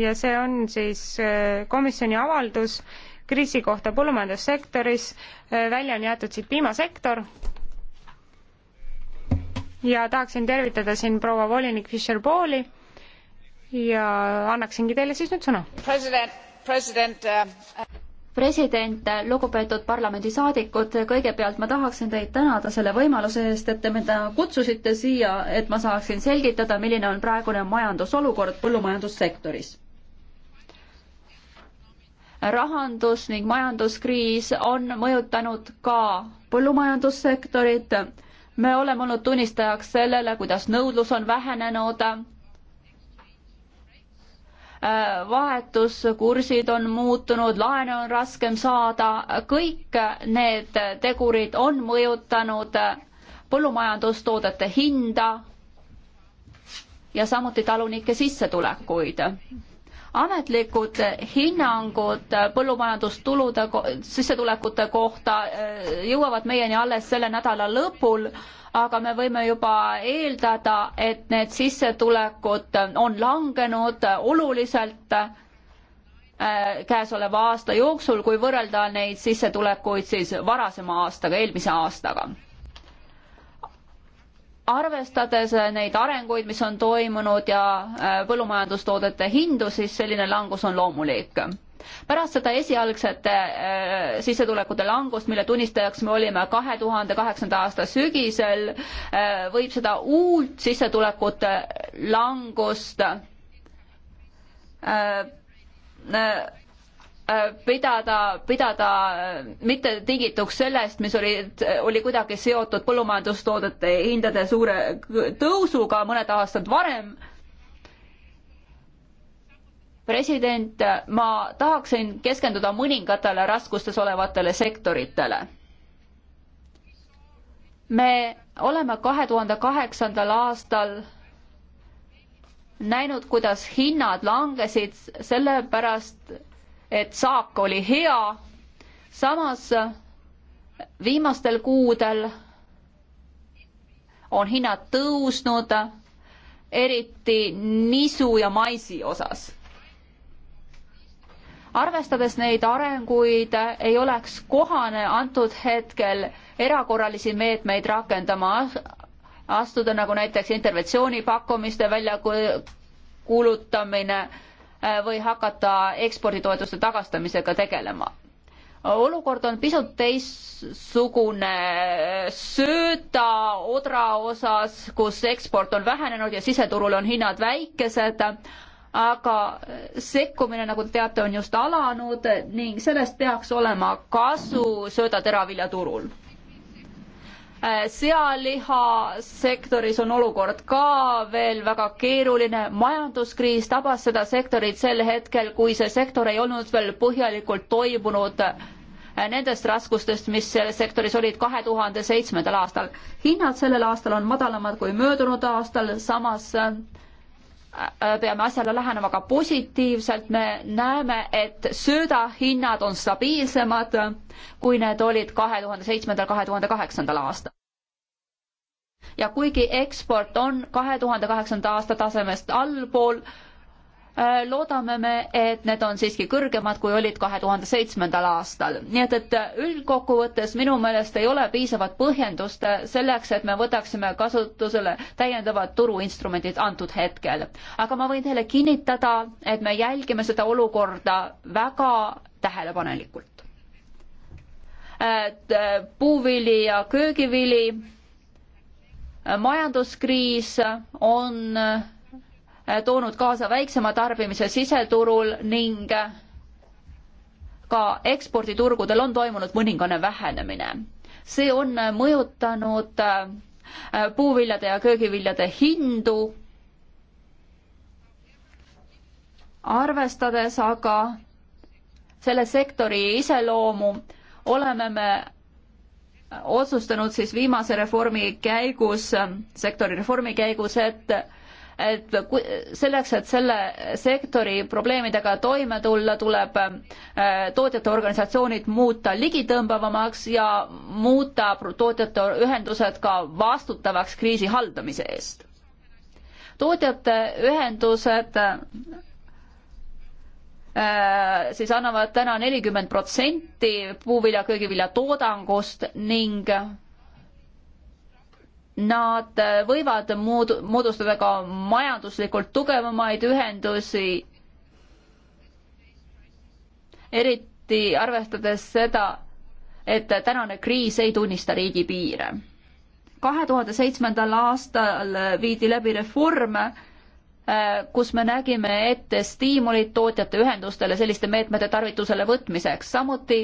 ja see on siis äh, komisjoni avaldus kriisi kohta põllumajandussektoris, äh, välja on jäetud siit piimasektor ja tahaksin tervitada siin proua volinik Fischer-Pooli ja annaksingi teile siis nüüd sõna. president, president äh president, lugupeetud parlamendisaadikud, kõigepealt ma tahaksin teid tänada selle võimaluse eest, et te mind kutsusite siia, et ma saaksin selgitada, milline on praegune majandusolukord põllumajandussektoris. rahandus ning majanduskriis on mõjutanud ka põllumajandussektorit. me oleme olnud tunnistajaks sellele, kuidas nõudlus on vähenenud vahetuskursid on muutunud, laene on raskem saada, kõik need tegurid on mõjutanud põllumajandustoodete hinda ja samuti talunike sissetulekuid. ametlikud hinnangud põllumajandustulude, sissetulekute kohta äh, jõuavad meieni alles selle nädala lõpul, aga me võime juba eeldada, et need sissetulekud on langenud oluliselt äh, käesoleva aasta jooksul, kui võrrelda neid sissetulekuid siis varasema aastaga, eelmise aastaga arvestades neid arenguid, mis on toimunud ja äh, põllumajandustoodete hindu, siis selline langus on loomulik pärast seda esialgset äh, sissetulekute langust, mille tunnistajaks me olime kahe tuhande kaheksanda aasta sügisel, äh, võib seda uut sissetulekute langust äh, pidada, pidada mitte tingituks sellest, mis oli, oli kuidagi seotud põllumajandustoodete hindade suure tõusuga mõned aastad varem president, ma tahaksin keskenduda mõningatele raskustes olevatele sektoritele. me oleme kahe tuhande kaheksandal aastal näinud, kuidas hinnad langesid sellepärast, et saak oli hea. samas viimastel kuudel on hinnad tõusnud, eriti nisu ja maisi osas arvestades neid arenguid, ei oleks kohane antud hetkel erakorralisi meetmeid rakendama astuda, nagu näiteks interventsioonipakkumiste välja kuulutamine äh, või hakata eksporditoetuste tagastamisega tegelema olukord on pisut teistsugune äh, sööta odra osas, kus eksport on vähenenud ja siseturul on hinnad väikesed, aga sekkumine, nagu te teate, on just alanud ning sellest peaks olema kasu söödateraviljaturul. Äh, sealihasektoris on olukord ka veel väga keeruline, majanduskriis tabas seda sektorit sel hetkel, kui see sektor ei olnud veel põhjalikult toibunud äh, nendest raskustest, mis selles sektoris olid kahe tuhande seitsmendal aastal. hinnad sellel aastal on madalamad kui möödunud aastal, samas äh, Äh, peame asjale lähenema ka positiivselt, me näeme, et söödahinnad on stabiilsemad, kui need olid kahe tuhande seitsmendal, kahe tuhande kaheksandal aastal. ja kuigi eksport on kahe tuhande kaheksanda aasta tasemest allpool, Äh, loodame me, et need on siiski kõrgemad, kui olid kahe tuhande seitsmendal aastal. nii et, et äh, üldkokkuvõttes minu meelest ei ole piisavat põhjendust äh, selleks, et me võtaksime kasutusele täiendavad turuinstrumendid antud hetkel. aga ma võin teile kinnitada, et me jälgime seda olukorda väga tähelepanelikult. et puuvili ja köögivili majanduskriis on Äh, toonud kaasa väiksema tarbimise siseturul ning ka eksporditurgudel on toimunud mõningane vähenemine. see on mõjutanud äh, puuviljade ja köögiviljade hindu, arvestades aga selle sektori iseloomu, oleme me otsustanud siis viimase reformi käigus, äh, sektori reformi käigus, et et selleks, et selle sektori probleemidega toime tulla, tuleb äh, tootjate organisatsioonid muuta ligitõmbavamaks ja muuta tootjate ühendused ka vastutavaks kriisi haldamise eest. tootjate ühendused äh, siis annavad täna nelikümmend protsenti puuvilja, köögivilja toodangust ning Nad äh, võivad mood-, moodustada ka majanduslikult tugevamaid ühendusi, eriti arvestades seda, et tänane kriis ei tunnista riigipiire. kahe tuhande seitsmendal aastal viidi läbi reform, äh, kus me nägime ette stiimulid tootjate ühendustele selliste meetmete tarvitusele võtmiseks, samuti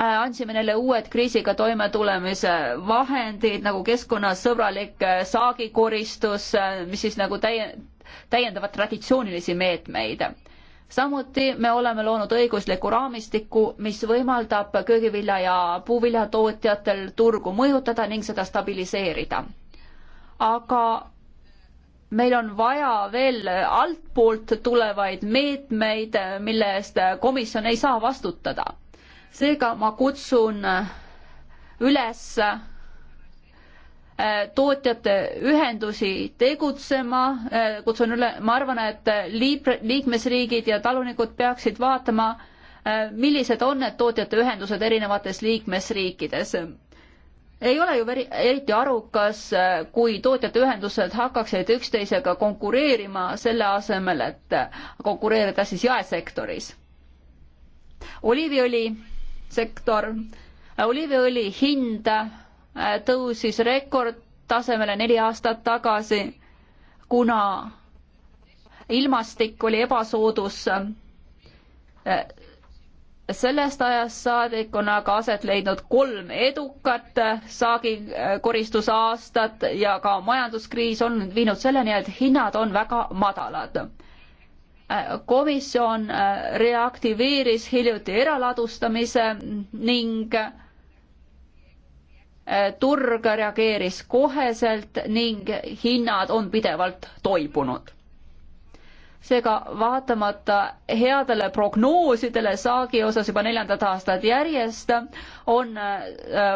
Äh, andsime neile uued kriisiga toimetulemise vahendid nagu keskkonnasõbralik äh, saagikoristus, äh, mis siis nagu täie-, täiendavad traditsioonilisi meetmeid. samuti me oleme loonud õigusliku raamistiku, mis võimaldab köögivilja ja puuviljatootjatel turgu mõjutada ning seda stabiliseerida. aga meil on vaja veel altpoolt tulevaid meetmeid, mille eest komisjon ei saa vastutada seega ma kutsun äh, üles äh, tootjate ühendusi tegutsema, äh, kutsun üle, ma arvan, et liib-, liikmesriigid ja talunikud peaksid vaatama, millised on need tootjate ühendused erinevates liikmesriikides ei ole ju veri, eriti arukas, kui tootjate ühendused hakkaksid üksteisega konkureerima, selle asemel, et konkureerida siis jaesektoris. oliiviõli sektor. oliiviõli hind äh, tõusis rekordtasemele neli aastat tagasi, kuna ilmastik oli ebasoodus. Äh, sellest ajast saadik on aga aset leidnud kolm edukat saagikoristusaastat ja ka majanduskriis on viinud selleni, et hinnad on väga madalad komisjon äh, reaktiveeris hiljuti eraladustamise ning äh, turg reageeris koheselt ning hinnad on pidevalt toibunud. seega vaatamata headele prognoosidele saagi osas juba neljandat aastat järjest, on äh,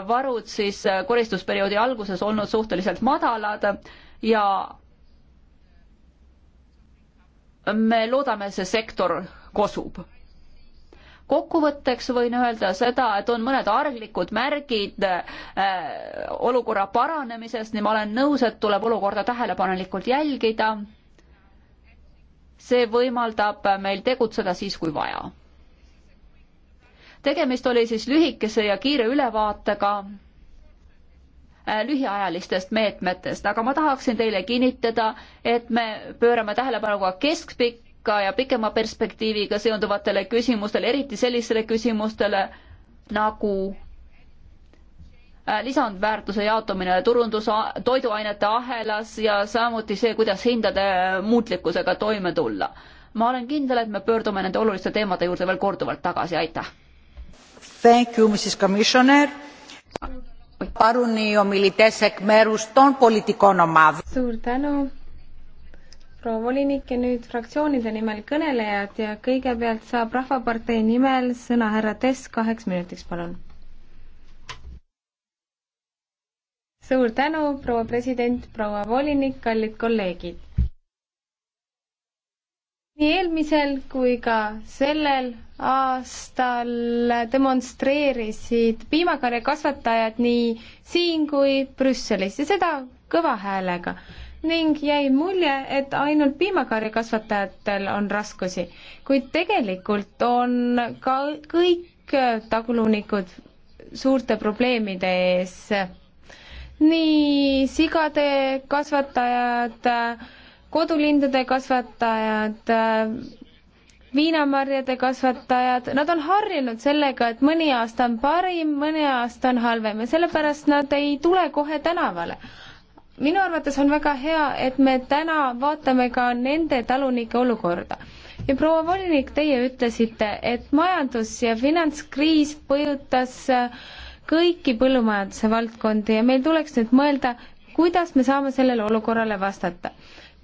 varud siis koristusperioodi alguses olnud suhteliselt madalad ja me loodame, see sektor kosub. kokkuvõtteks võin öelda seda, et on mõned arglikud märgid äh, olukorra paranemisest, nii ma olen nõus, et tuleb olukorda tähelepanelikult jälgida. see võimaldab meil tegutseda siis, kui vaja. tegemist oli siis lühikese ja kiire ülevaatega Äh, lühiajalistest meetmetest, aga ma tahaksin teile kinnitada, et me pöörame tähelepanu ka keskpikka ja pikema perspektiiviga seonduvatele küsimustele, eriti sellistele küsimustele nagu äh, lisandväärtuse jaotumine turundus, toiduainete ahelas ja samuti see, kuidas hindade muutlikkusega toime tulla. ma olen kindel, et me pöördume nende oluliste teemade juurde veel korduvalt tagasi, aitäh! Thank you, Mrs Commissioner! parun οι ομιλητές εκ μέρους των πολιτικών ομάδων. Suur tänu, proua volinik ja nüüd fraktsioonide nimel kõnelejad ja kõigepealt saab Rahvapartei nimel sõna härra Tess kaheks minutiks, palun. suur tänu, proua president, proua volinik, kallid kolleegid nii eelmisel kui ka sellel aastal demonstreerisid piimakarja kasvatajad nii siin kui Brüsselis ja seda kõva häälega ning jäi mulje, et ainult piimakarja kasvatajatel on raskusi, kuid tegelikult on ka kõik tagulunikud suurte probleemide ees. nii sigade kasvatajad äh,, kodulindude kasvatajad, viinamarjade kasvatajad, nad on harjunud sellega, et mõni aasta on parim, mõni aasta on halvem ja sellepärast nad ei tule kohe tänavale. minu arvates on väga hea, et me täna vaatame ka nende talunike olukorda. ja proua volinik, teie ütlesite, et majandus- ja finantskriis põjutas äh, kõiki põllumajanduse valdkondi ja meil tuleks nüüd mõelda, kuidas me saame sellele olukorrale vastata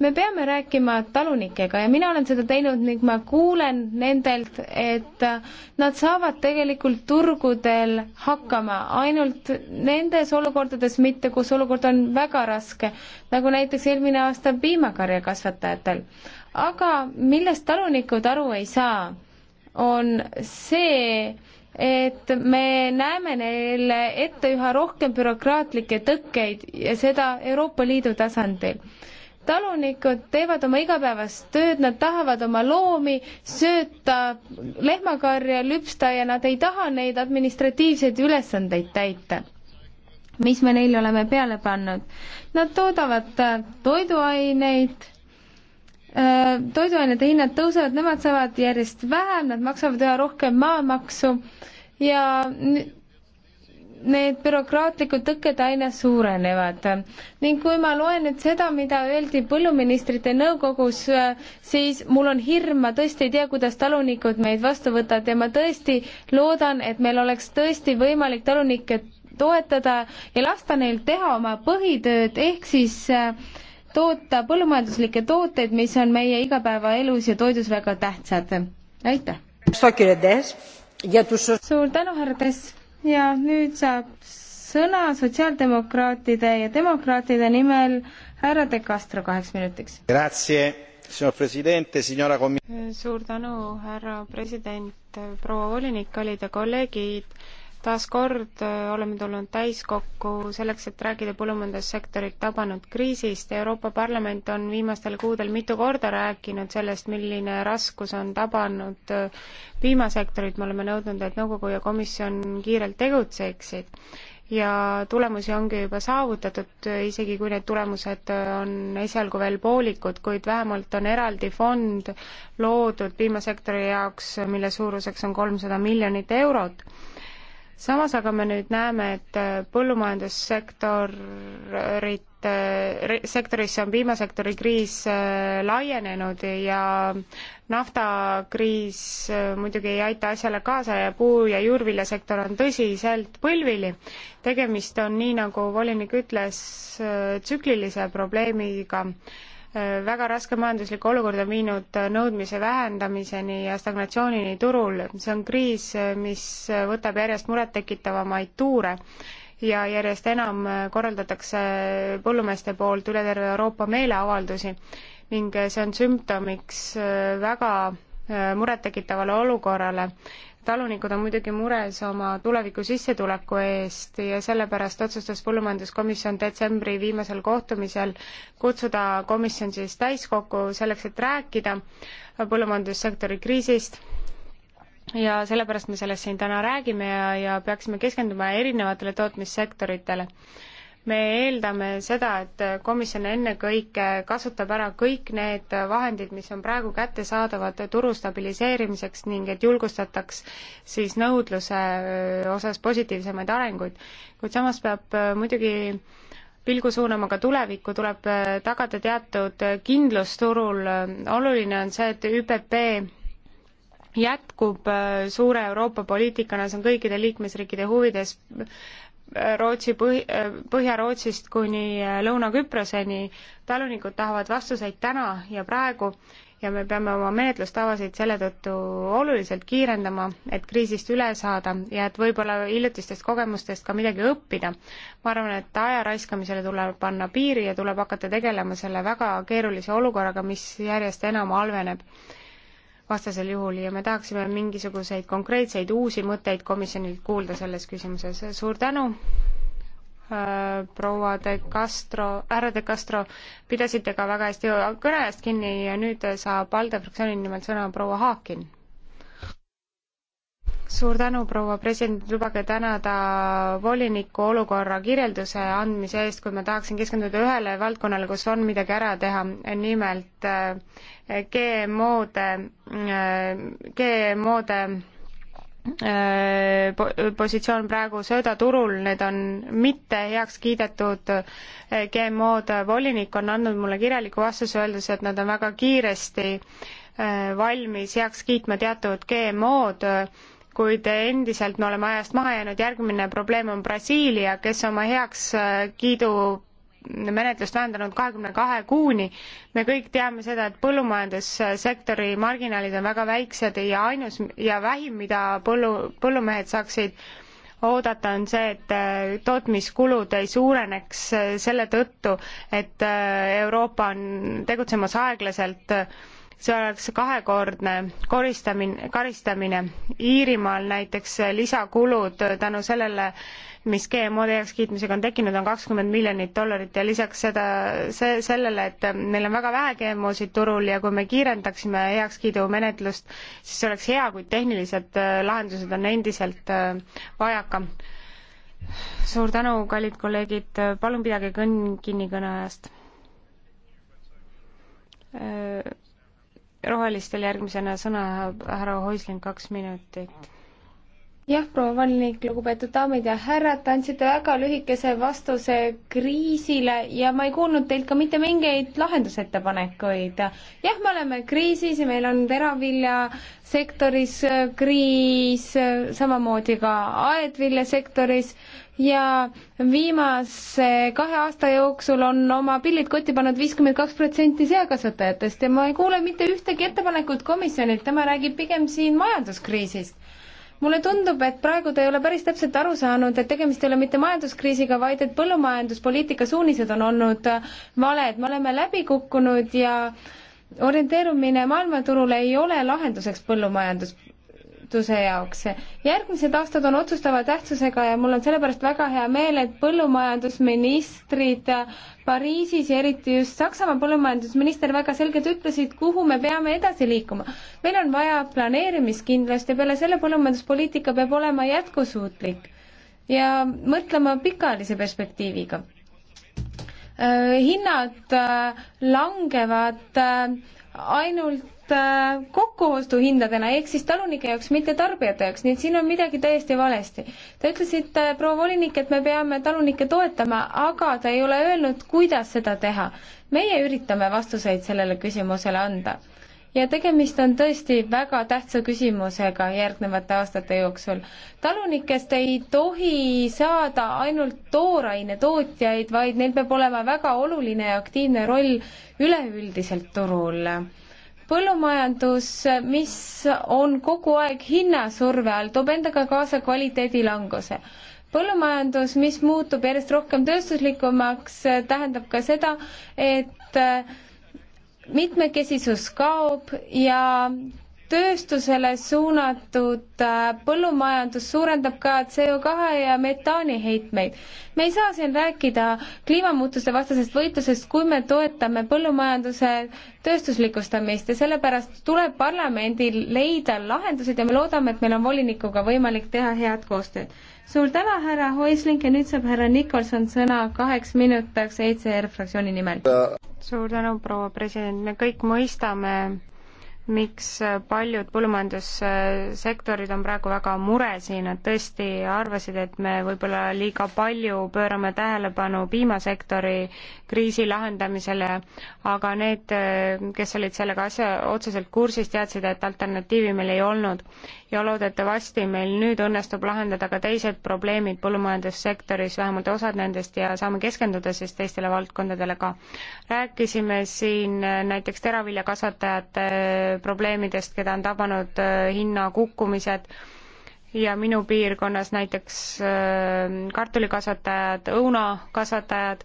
me peame rääkima talunikega ja mina olen seda teinud ning ma kuulen nendelt, et nad saavad tegelikult turgudel hakkama ainult nendes olukordades, mitte kus olukord on väga raske, nagu näiteks eelmine aasta piimakarja kasvatajatel. aga millest talunikud aru ei saa, on see, et me näeme neile ette üha rohkem bürokraatlikke tõkkeid ja seda Euroopa Liidu tasandil talunikud teevad oma igapäevast tööd, nad tahavad oma loomi sööta, lehmakarja lüpsta ja nad ei taha neid administratiivseid ülesandeid täita mis me neile oleme peale pannud. Nad toodavad äh, toiduaineid, äh, toiduainete hinnad tõusevad, nemad saavad järjest vähem, nad maksavad üha rohkem maamaksu ja need bürokraatlikud tõkked aina suurenevad. ning kui ma loen nüüd seda, mida öeldi põlluministrite nõukogus, siis mul on hirm, ma tõesti ei tea, kuidas talunikud meid vastu võtavad ja ma tõesti loodan, et meil oleks tõesti võimalik talunikke toetada ja lasta neil teha oma põhitööd, ehk siis äh, toota põllumajanduslikke tooteid, mis on meie igapäevaelus ja toidus väga tähtsad. aitäh! suur tänu, härra Tess! ja nüüd saab sõna sotsiaaldemokraatide ja demokraatide nimel härra De Castro kaheks minutiks. suur tänu, härra president, proua volinik, kallid kolleegid taas kord äh, oleme tulnud täiskokku selleks, et rääkida põllumajandussektorit tabanud kriisist. Euroopa Parlament on viimastel kuudel mitu korda rääkinud sellest, milline raskus on tabanud äh, piimasektorit. me oleme nõudnud, et nõukogu ja komisjon kiirelt tegutseksid ja tulemusi ongi juba saavutatud, äh, isegi kui need tulemused on esialgu veel poolikud, kuid vähemalt on eraldi fond loodud piimasektori jaoks, mille suuruseks on kolmsada miljonit eurot samas aga me nüüd näeme, et äh, põllumajandussektorit, äh, sektorisse on piimasektori kriis äh, laienenud ja naftakriis muidugi ei aita asjale kaasa ja puu- ja juurviljasektor on tõsiselt põlvili. tegemist on, nii nagu volinik ütles, tsüklilise probleemiga väga raske majanduslik olukord on viinud nõudmise vähendamiseni ja stagnatsioonini turul. see on kriis, mis võtab järjest murettekitavamaid tuure ja järjest enam korraldatakse põllumeeste poolt üle terve Euroopa meeleavaldusi ning see on sümptomiks väga murettekitavale olukorrale talunikud on muidugi mures oma tuleviku sissetuleku eest ja sellepärast otsustas Põllumajanduskomisjon detsembri viimasel kohtumisel kutsuda komisjon siis täiskokku selleks, et rääkida põllumajandussektori kriisist ja sellepärast me sellest siin täna räägime ja, ja peaksime keskenduma erinevatele tootmissektoritele me eeldame seda, et komisjon ennekõike kasutab ära kõik need vahendid, mis on praegu kättesaadavad turu stabiliseerimiseks ning et julgustataks siis nõudluse äh, osas positiivsemaid arenguid. kuid samas peab äh, muidugi pilgu suunama ka tulevikku, tuleb äh, tagada teatud kindlus turul, oluline on see, et ÜPP jätkub suure Euroopa poliitikana, see on kõikide liikmesriikide huvides, Rootsi põhi, Põhja-Rootsist kuni äh, Lõuna-Küproseni. talunikud tahavad vastuseid täna ja praegu ja me peame oma menetlustavasid selle tõttu oluliselt kiirendama, et kriisist üle saada ja et võib-olla hiljutistest kogemustest ka midagi õppida. ma arvan, et aja raiskamisele tuleb panna piiri ja tuleb hakata tegelema selle väga keerulise olukorraga, mis järjest enam halveneb vastasel juhul ja me tahaksime mingisuguseid konkreetseid uusi mõtteid komisjonilt kuulda selles küsimuses. suur tänu, äh, proua de Castro, härra de Castro, pidasite ka väga hästi kõne eest kinni ja nüüd saab ALDE fraktsiooni nimel sõna proua Haakin suur tänu, proua president, lubage tänada voliniku olukorra kirjelduse andmise eest, kuid ma tahaksin keskenduda ühele valdkonnale, kus on midagi ära teha, nimelt eh, GMO-de, eh, GMO-de eh, positsioon praegu söödaturul, need on mitte heaks kiidetud GMO-d, volinik on andnud mulle kirjaliku vastuse, öeldes, et nad on väga kiiresti valmis heaks kiitma teatud GMO-d kuid endiselt me oleme ajast maha jäänud, järgmine probleem on Brasiilia, kes oma heakskiidu äh, menetlust vähendanud kahekümne kahe kuuni. me kõik teame seda, et põllumajandussektori marginaalid on väga väiksed ja ainus ja vähim, mida põllu, põllumehed saaksid oodata, on see, et äh, tootmiskulud ei suureneks äh, selle tõttu, et Euroopa on tegutsemas aeglaselt see oleks kahekordne koristamine, karistamine. Iirimaal näiteks lisakulud tänu sellele, mis GMO-de heakskiitmisega on tekkinud, on kakskümmend miljonit dollarit ja lisaks seda, see, sellele, et meil on väga vähe GMO-sid turul ja kui me kiirendaksime heakskiidumenetlust, siis see oleks hea, kuid tehnilised äh, lahendused on endiselt äh, vajaka. suur tänu, kallid kolleegid, palun pidage kõnn kinni kõneajast äh, rohelistel järgmisena sõna härra Hoisling, kaks minutit jah, proua volinik, lugupeetud daamid ja härrad, te andsite väga lühikese vastuse kriisile ja ma ei kuulnud teilt ka mitte mingeid lahendusettepanekuid. jah, me oleme kriisis ja meil on teraviljasektoris äh, kriis, äh, samamoodi ka aedviljasektoris ja viimase kahe aasta jooksul on oma pillid kotti pannud viiskümmend kaks protsenti seakasvatajatest ja ma ei kuule mitte ühtegi ettepanekut komisjonilt, tema räägib pigem siin majanduskriisist mulle tundub, et praegu te ei ole päris täpselt aru saanud, et tegemist ei ole mitte majanduskriisiga, vaid et põllumajanduspoliitika suunised on olnud äh, valed, me oleme läbi kukkunud ja orienteerumine maailmaturule ei ole lahenduseks põllumajandus majanduse jaoks. järgmised aastad on otsustava tähtsusega ja mul on sellepärast väga hea meel, et põllumajandusministrid Pariisis ja eriti just Saksamaa põllumajandusminister väga selgelt ütlesid, kuhu me peame edasi liikuma. meil on vaja planeerimiskindlust ja peale selle põllumajanduspoliitika peab olema jätkusuutlik ja mõtlema pikaajalise perspektiiviga. Äh, hinnad äh, langevad äh, ainult Äh, kokkuostuhindadena ehk siis talunike jaoks, mitte tarbijate jaoks, nii et siin on midagi täiesti valesti. Te ütlesite, äh, proua volinik, et me peame talunikke toetama, aga ta ei ole öelnud, kuidas seda teha. meie üritame vastuseid sellele küsimusele anda. ja tegemist on tõesti väga tähtsa küsimusega järgnevate aastate jooksul. talunikest ei tohi saada ainult tooraine tootjaid, vaid neil peab olema väga oluline ja aktiivne roll üleüldiselt turul põllumajandus, mis on kogu aeg hinnasurve all, toob endaga kaasa kvaliteedi languse põllumajandus, mis muutub järjest rohkem tööstuslikumaks, tähendab ka seda, et mitmekesisus kaob ja tööstusele suunatud äh, põllumajandus suurendab ka CO2 ja metaani heitmeid. me ei saa siin rääkida kliimamuutuste vastasest võitlusest, kui me toetame põllumajanduse tööstuslikustamist ja sellepärast tuleb parlamendil leida lahendused ja me loodame, et meil on volinikuga võimalik teha head koostööd. suur tänu, härra Hoisling ja nüüd saab härra Nikolson sõna kaheks minutiks ECR fraktsiooni nimel. suur tänu, proua president, me kõik mõistame miks paljud põllumajandussektorid on praegu väga mures ja nad tõesti arvasid, et me võib-olla liiga palju pöörame tähelepanu piimasektori kriisi lahendamisele, aga need, kes olid sellega asja otseselt kursis, teadsid, et alternatiivi meil ei olnud ja loodetavasti meil nüüd õnnestub lahendada ka teised probleemid põllumajandussektoris, vähemalt osad nendest, ja saame keskenduda siis teistele valdkondadele ka. rääkisime siin näiteks teraviljakasvatajate äh, probleemidest, keda on tabanud äh, hinna kukkumised, ja minu piirkonnas näiteks äh, kartulikasvatajad, õunakasvatajad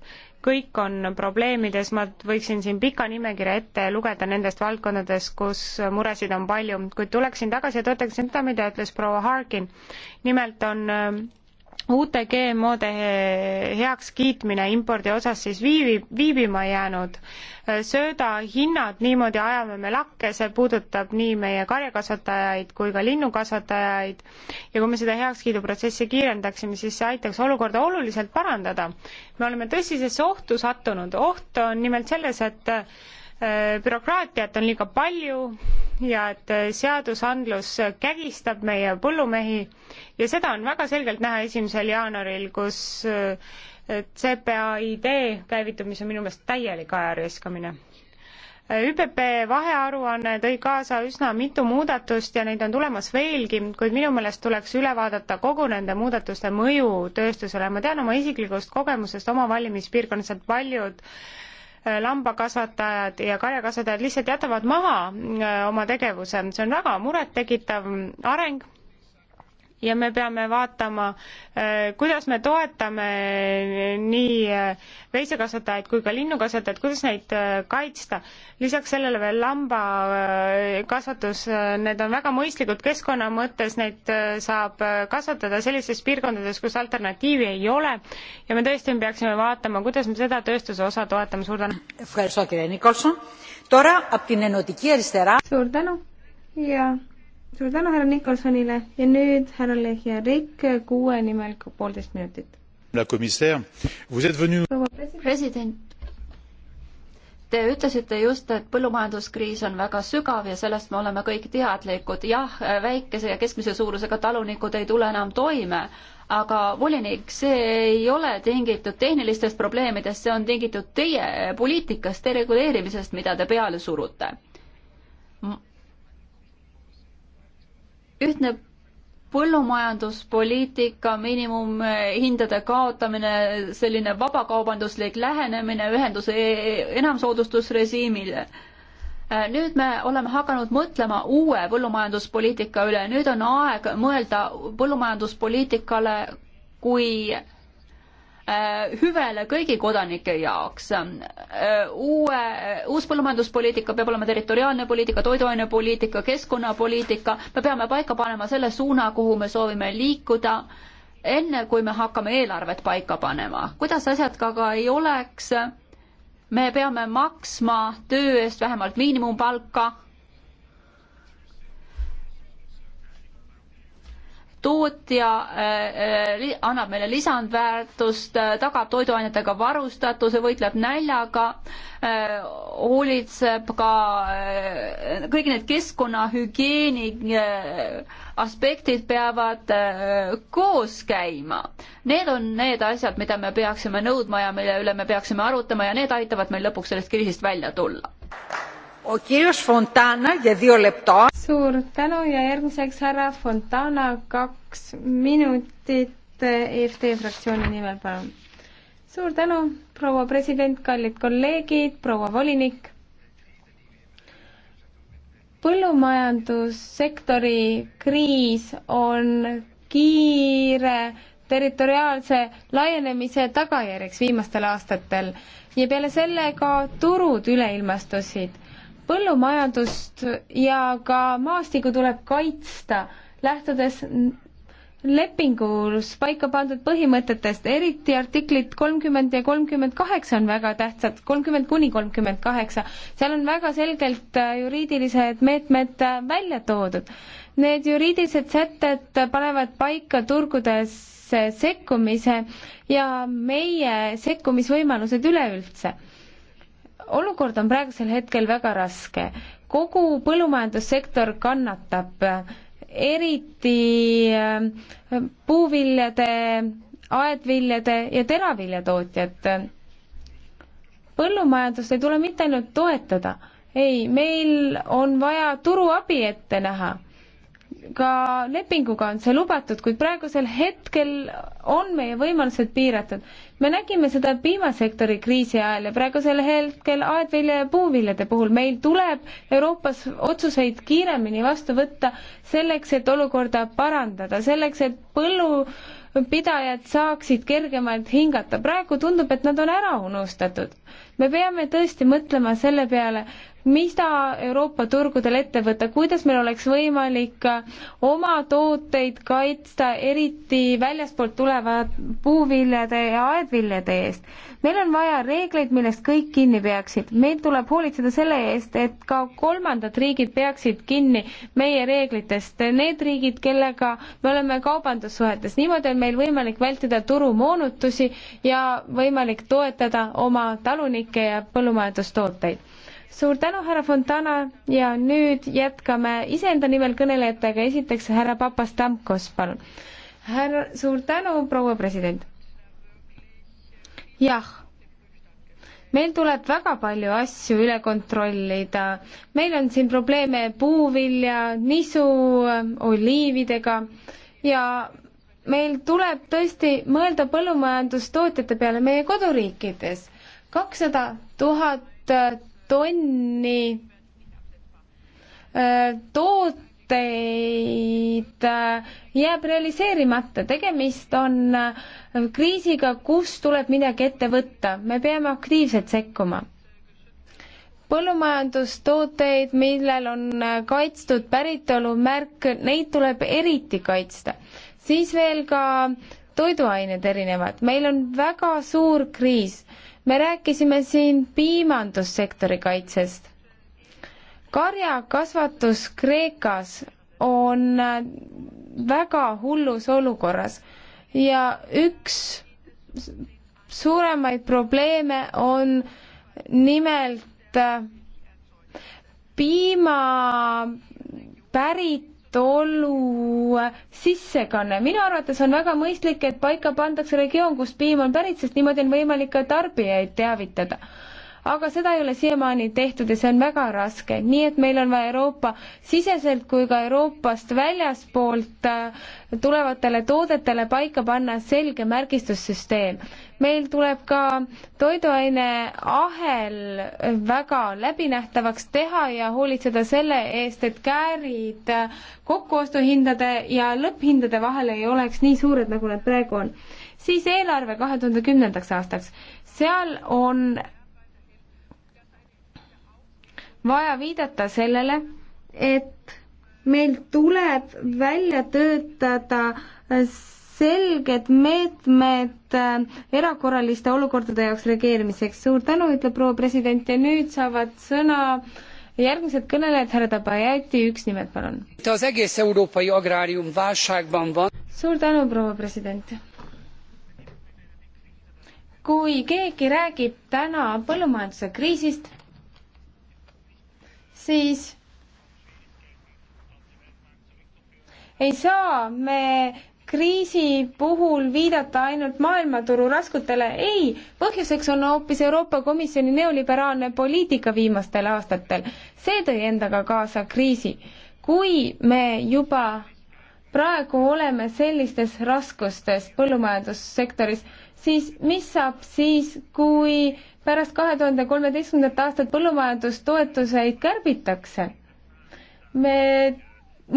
kõik on probleemides, ma võiksin siin pika nimekirja ette lugeda nendest valdkondadest, kus muresid on palju, kuid tuleksin tagasi ja tõotaksin seda, mida ütles proua Harkin. nimelt on uute GMO-de heakskiitmine impordi osas siis viibib, viibima jäänud. sööda hinnad, niimoodi ajame me lakke, see puudutab nii meie karjakasvatajaid kui ka linnukasvatajaid ja kui me seda heakskiiduprotsessi kiirendaksime, siis see aitaks olukorda oluliselt parandada. me oleme tõsisesse ohtu sattunud, oht on nimelt selles, et Äh, bürokraatiat on liiga palju ja et äh, seadusandlus kägistab meie põllumehi ja seda on väga selgelt näha esimesel jaanuaril, kus äh, CPA idee käivitumis on minu meelest täielik ajaraiskamine. ÜPP vahearuanne tõi kaasa üsna mitu muudatust ja neid on tulemas veelgi, kuid minu meelest tuleks üle vaadata kogu nende muudatuste mõju tööstusele. ma tean oma isiklikust kogemusest oma valimispiirkonnas, et paljud äh, lambakasvatajad ja karjakasvatajad lihtsalt jätavad maha äh, oma tegevuse, see on väga murettekitav areng ja me peame vaatama, äh, kuidas me toetame nii äh, veisekasvatajaid kui ka linnukasvatajaid, kuidas neid äh, kaitsta. lisaks sellele veel lambakasvatus, need on väga mõistlikud keskkonna mõttes, neid saab kasvatada sellistes piirkondades, kus alternatiivi ei ole ja me tõesti peaksime vaatama, kuidas me seda tööstuse osa toetame, suur tänu. suur tänu ja suur tänu härra Nikolsonile ja nüüd härra Lehja Rikk kuue nimel poolteist minutit. president, te ütlesite just, et põllumajanduskriis on väga sügav ja sellest me oleme kõik teadlikud. jah, väikese ja keskmise suurusega talunikud ei tule enam toime, aga volinik, see ei ole tingitud tehnilistest probleemidest, see on tingitud teie poliitikast, reguleerimisest, mida te peale surute ühtne põllumajanduspoliitika, miinimumhindade kaotamine, selline vabakaubanduslik lähenemine ühenduse e-, enamsoodustusrežiimile. Äh, nüüd me oleme hakanud mõtlema uue põllumajanduspoliitika üle, nüüd on aeg mõelda põllumajanduspoliitikale kui Äh, hüvele kõigi kodanike jaoks. Äh, uue, uus põllumajanduspoliitika peab olema territoriaalne poliitika, toiduainepoliitika, keskkonnapoliitika, me peame paika panema selle suuna, kuhu me soovime liikuda, enne kui me hakkame eelarvet paika panema. kuidas asjad ka ka ei oleks, me peame maksma töö eest vähemalt miinimumpalka tootja äh, äh, annab meile lisandväärtust, äh, tagab toiduainetega varustatuse, võitleb näljaga, hoolitseb ka kõik need keskkonnahügieeni aspektid peavad koos käima. Need on need asjad, mida me peaksime nõudma ja mille üle me peaksime arutama ja need aitavad meil lõpuks sellest kriisist välja tulla suur tänu ja järgmiseks härra Fontana, kaks minutit EFT fraktsiooni nimel, palun. suur tänu, proua president, kallid kolleegid, proua volinik. põllumajandussektori kriis on kiire territoriaalse laienemise tagajärjeks viimastel aastatel ja peale selle ka turud üleilmastusid põllumajandust ja ka maastikku tuleb kaitsta, lähtudes lepingus paika pandud põhimõtetest, eriti artiklid kolmkümmend ja kolmkümmend kaheksa on väga tähtsad, kolmkümmend kuni kolmkümmend kaheksa. seal on väga selgelt äh, juriidilised meetmed äh, välja toodud. Need juriidilised sätted panevad paika turgudesse sekkumise ja meie sekkumisvõimalused üleüldse olukord on praegusel hetkel väga raske. kogu põllumajandussektor kannatab, eriti äh, puuviljade, aedviljade ja teraviljatootjad. põllumajandust ei tule mitte ainult toetada, ei, meil on vaja turuabi ette näha ka lepinguga on see lubatud, kuid praegusel hetkel on meie võimalused piiratud. me nägime seda piimasektori kriisi ajal ja praegusel hetkel aedvilja ja puuviljade puhul meil tuleb Euroopas otsuseid kiiremini vastu võtta selleks, et olukorda parandada, selleks, et põllupidajad saaksid kergemalt hingata. praegu tundub, et nad on ära unustatud. me peame tõesti mõtlema selle peale, mida Euroopa turgudel ette võtta, kuidas meil oleks võimalik oma tooteid kaitsta, eriti väljaspoolt tuleva puuviljade ja aedviljade eest. meil on vaja reegleid, millest kõik kinni peaksid. meil tuleb hoolitseda selle eest, et ka kolmandad riigid peaksid kinni meie reeglitest, need riigid, kellega me oleme kaubandussuhetes. niimoodi on meil võimalik vältida turumoonutusi ja võimalik toetada oma talunikke ja põllumajandustooteid suur tänu, härra Fontana ja nüüd jätkame iseenda nimel kõnelejatega, esiteks härra Papastamkos, palun. härra, suur tänu, proua president. jah, meil tuleb väga palju asju üle kontrollida, meil on siin probleeme puuvilja, nisu, oliividega ja meil tuleb tõesti mõelda põllumajandustootjate peale meie koduriikides. kakssada tuhat tonni äh, tooteid äh, jääb realiseerimata, tegemist on äh, kriisiga, kus tuleb midagi ette võtta, me peame aktiivselt sekkuma põllumajandustooteid, millel on kaitstud päritolumärk, neid tuleb eriti kaitsta. siis veel ka toiduained erinevad, meil on väga suur kriis me rääkisime siin piimandussektori kaitsest. karjakasvatus Kreekas on väga hullus olukorras ja üks suuremaid probleeme on nimelt piima pärit tolu äh, sissekanne. minu arvates on väga mõistlik, et paika pandakse regioon, kust piim on pärit, sest niimoodi on võimalik ka tarbijaid teavitada aga seda ei ole siiamaani tehtud ja see on väga raske, nii et meil on vaja Euroopa siseselt kui ka Euroopast väljaspoolt äh, tulevatele toodetele paika panna selge märgistussüsteem. meil tuleb ka toiduaine ahel väga läbinähtavaks teha ja hoolitseda selle eest, et käärid äh, kokkuostuhindade ja lõpphindade vahel ei oleks nii suured, nagu nad praegu on. siis eelarve kahe tuhande kümnendaks aastaks, seal on vaja viidata sellele, et meil tuleb välja töötada selged meetmed äh, erakorraliste olukordade jaoks reageerimiseks. suur tänu, ütleb proua president ja nüüd saavad sõna järgmised kõnelejad, härra Tabajati, üks nimelt, palun. suur tänu, proua president. kui keegi räägib täna põllumajanduse kriisist, siis ei saa me kriisi puhul viidata ainult maailmaturu raskutele, ei, põhjuseks on hoopis Euroopa Komisjoni neoliberaalne poliitika viimastel aastatel. see tõi endaga kaasa kriisi. kui me juba praegu oleme sellistes raskustes põllumajandussektoris, siis mis saab siis, kui pärast kahe tuhande kolmeteistkümnendat aastat põllumajandustoetuseid kärbitakse? me,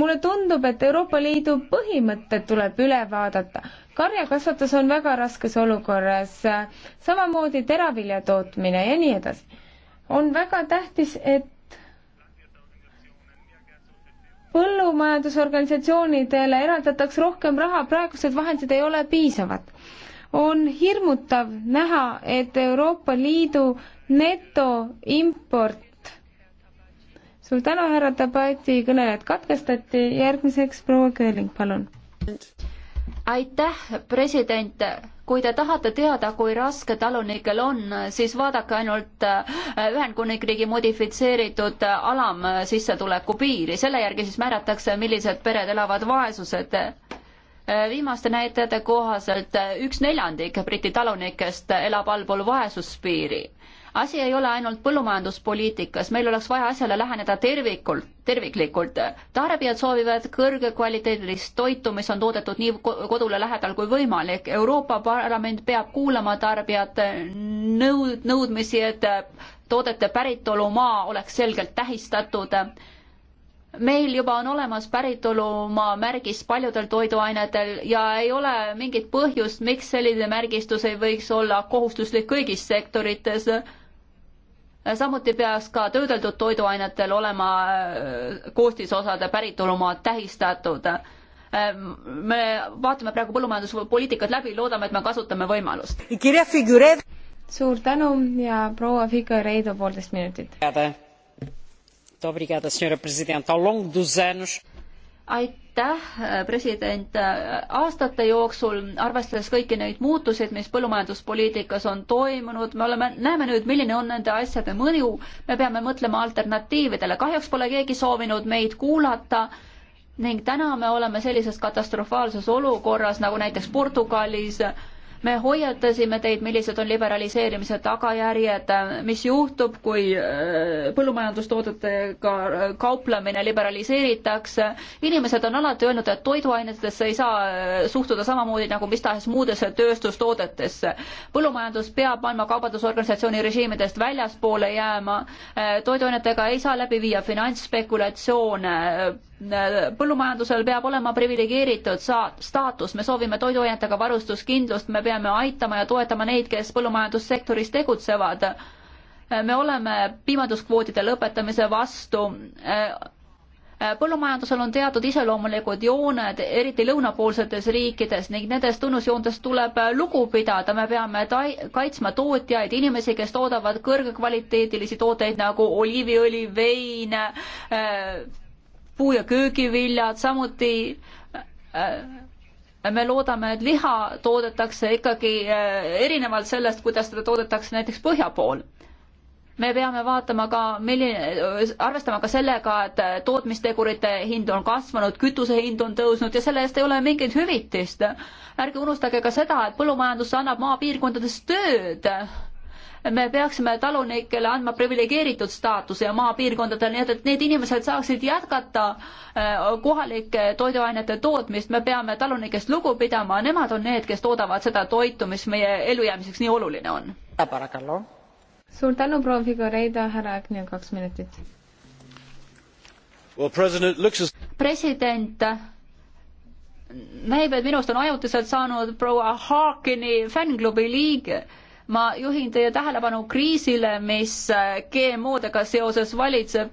mulle tundub, et Euroopa Liidu põhimõtted tuleb üle vaadata. karjakasvatus on väga raskes olukorras, samamoodi teravilja tootmine ja nii edasi. on väga tähtis, et põllumajandusorganisatsioonidele eraldataks rohkem raha, praegused vahendid ei ole piisavad on hirmutav näha, et Euroopa Liidu netoimport suur tänu, härra Tabati, kõnelejad katkestati, järgmiseks proua Kööling, palun. aitäh, president, kui te tahate teada, kui raske talunikel on, siis vaadake ainult äh, Ühendkuningriigi modifitseeritud äh, alamsissetuleku piiri, selle järgi siis määratakse, millised pered elavad vaesused Äh, viimaste näitajate kohaselt äh, üks neljandik Briti talunikest elab allpool vaesuspiiri. asi ei ole ainult põllumajanduspoliitikas, meil oleks vaja asjale läheneda tervikul, terviklikult. tarbijad soovivad kõrgekvaliteedilist toitu, mis on toodetud nii kodule lähedal kui võimalik. Euroopa Parlament peab kuulama tarbijate nõud, nõudmisi, et toodete päritolumaa oleks selgelt tähistatud meil juba on olemas päritolumaa märgis paljudel toiduainetel ja ei ole mingit põhjust, miks selline märgistus ei võiks olla kohustuslik kõigis sektorites. samuti peaks ka töödeldud toiduainetel olema äh, koostisosade päritolumaad tähistatud. Ähm, me vaatame praegu põllumajanduspoliitikat läbi, loodame, et me kasutame võimalust. suur tänu ja proua Figueiredo poolteist minutit aitäh, president. aastate jooksul, arvestades kõiki neid muutuseid, mis põllumajanduspoliitikas on toimunud, me oleme, näeme nüüd, milline on nende asjade mõju. me peame mõtlema alternatiividele. kahjuks pole keegi soovinud meid kuulata ning täna me oleme sellises katastrofaalses olukorras nagu näiteks Portugalis me hoiatasime teid, millised on liberaliseerimise tagajärjed, mis juhtub, kui äh, põllumajandustoodetega kauplemine liberaliseeritakse. inimesed on alati öelnud, et toiduainetesse ei saa äh, suhtuda samamoodi nagu mis tahes muudesse tööstustoodetesse. põllumajandus peab andma kaubandusorganisatsiooni režiimidest väljaspoole jääma. Äh, toiduainetega ei saa läbi viia finantsspekulatsioone Äh, põllumajandusel peab olema priviligeeritud saa-, staatus, me soovime toiduainetega varustuskindlust, me peame aitama ja toetama neid, kes põllumajandussektoris tegutsevad. Äh, me oleme piimanduskvootide lõpetamise vastu. Äh, põllumajandusel on teatud iseloomulikud jooned, eriti lõunapoolsetes riikides ning nendest tunnusjoontest tuleb lugu pidada, me peame tai-, kaitsma tootjaid, inimesi, kes toodavad kõrgekvaliteedilisi tooteid nagu oliiviõli, vein äh,, puu- ja köögiviljad, samuti äh, me loodame, et liha toodetakse ikkagi äh, erinevalt sellest, kuidas seda toodetakse näiteks põhja pool. me peame vaatama ka, milline, arvestama ka sellega, et tootmistegurite hind on kasvanud, kütuse hind on tõusnud ja selle eest ei ole mingit hüvitist. ärge unustage ka seda, et põllumajandus annab maapiirkondades tööd me peaksime talunikele andma priviligeeritud staatuse ja maapiirkondadele, nii et, et need inimesed saaksid jätkata äh, kohalike toiduainete tootmist, me peame talunikest lugu pidama, nemad on need, kes toodavad seda toitu, mis meie ellujäämiseks nii oluline on. suur tänu, proua Figureida, härra Agnew, kaks minutit. president näib, et minust on ajutiselt saanud proua Haakini fännklubi liige ma juhin teie tähelepanu kriisile, mis äh, GMO-dega seoses valitseb.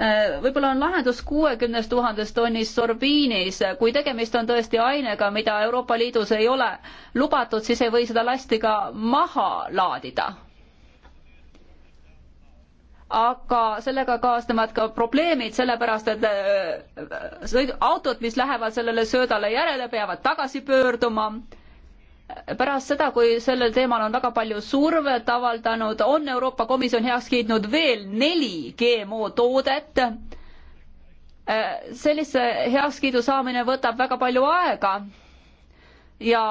Äh, võib-olla on lahendus kuuekümnest tuhandest tonnist sorbiinis, kui tegemist on tõesti ainega, mida Euroopa Liidus ei ole lubatud, siis ei või seda lasti ka maha laadida aga sellega kaasnevad ka probleemid, sellepärast et äh, sõidu-, autod, mis lähevad sellele söödale järele, peavad tagasi pöörduma pärast seda, kui sellel teemal on väga palju survet avaldanud, on Euroopa Komisjon heaks kiitnud veel neli GMO toodet. sellise heakskiidu saamine võtab väga palju aega ja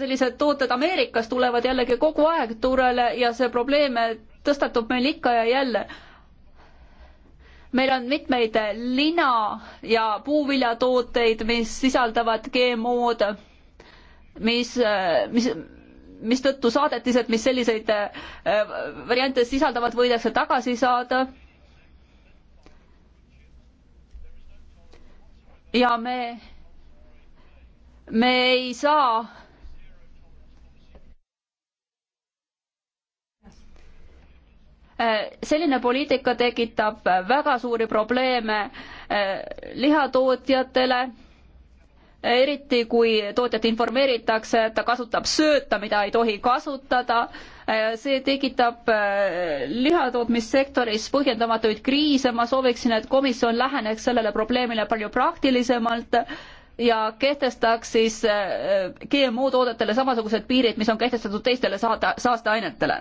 sellised tooted Ameerikas tulevad jällegi kogu aeg turele ja see probleem tõstatub meil ikka ja jälle. meil on mitmeid lina- ja puuviljatooteid, mis sisaldavad GMO-d mis, mis mistõttu saadetised, mis selliseid äh, variante sisaldavad, võidakse tagasi saada. ja me, me ei saa selline poliitika tekitab väga suuri probleeme äh, lihatootjatele eriti kui tootjat informeeritakse, et ta kasutab sööta, mida ei tohi kasutada, see tekitab äh, lihatootmissektoris põhjendamatuid kriise, ma sooviksin, et komisjon läheneks sellele probleemile palju praktilisemalt ja kehtestaks siis äh, GMO toodetele samasugused piirid, mis on kehtestatud teistele saada, saasteainetele.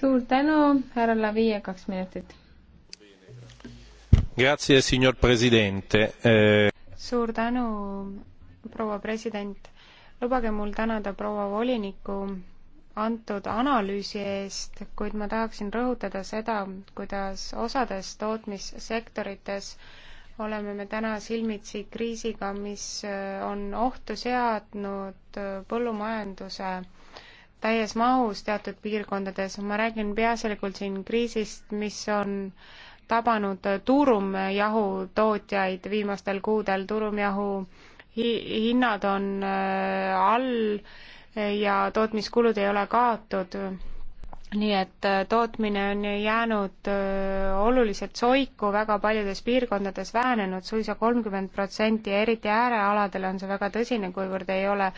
suur tänu, härra Lavia, kaks minutit Grazie, signor president eh.... suur tänu, proua president. lubage mul tänada proua volinikku antud analüüsi eest, kuid ma tahaksin rõhutada seda, kuidas osades tootmissektorites oleme me täna silmitsi kriisiga, mis eh, on ohtu seadnud eh, põllumajanduse täies mahus teatud piirkondades. ma räägin peaasjalikult siin kriisist, mis on äh, tabanud turumjahu tootjaid viimastel kuudel, turumjahu hi-, hinnad on äh, all äh, ja tootmiskulud ei ole kaotud nii et äh, tootmine on jäänud oluliselt soiku väga paljudes piirkondades vähenenud suisa kolmkümmend protsenti ja eriti äärealadel on see väga tõsine, kuivõrd ei ole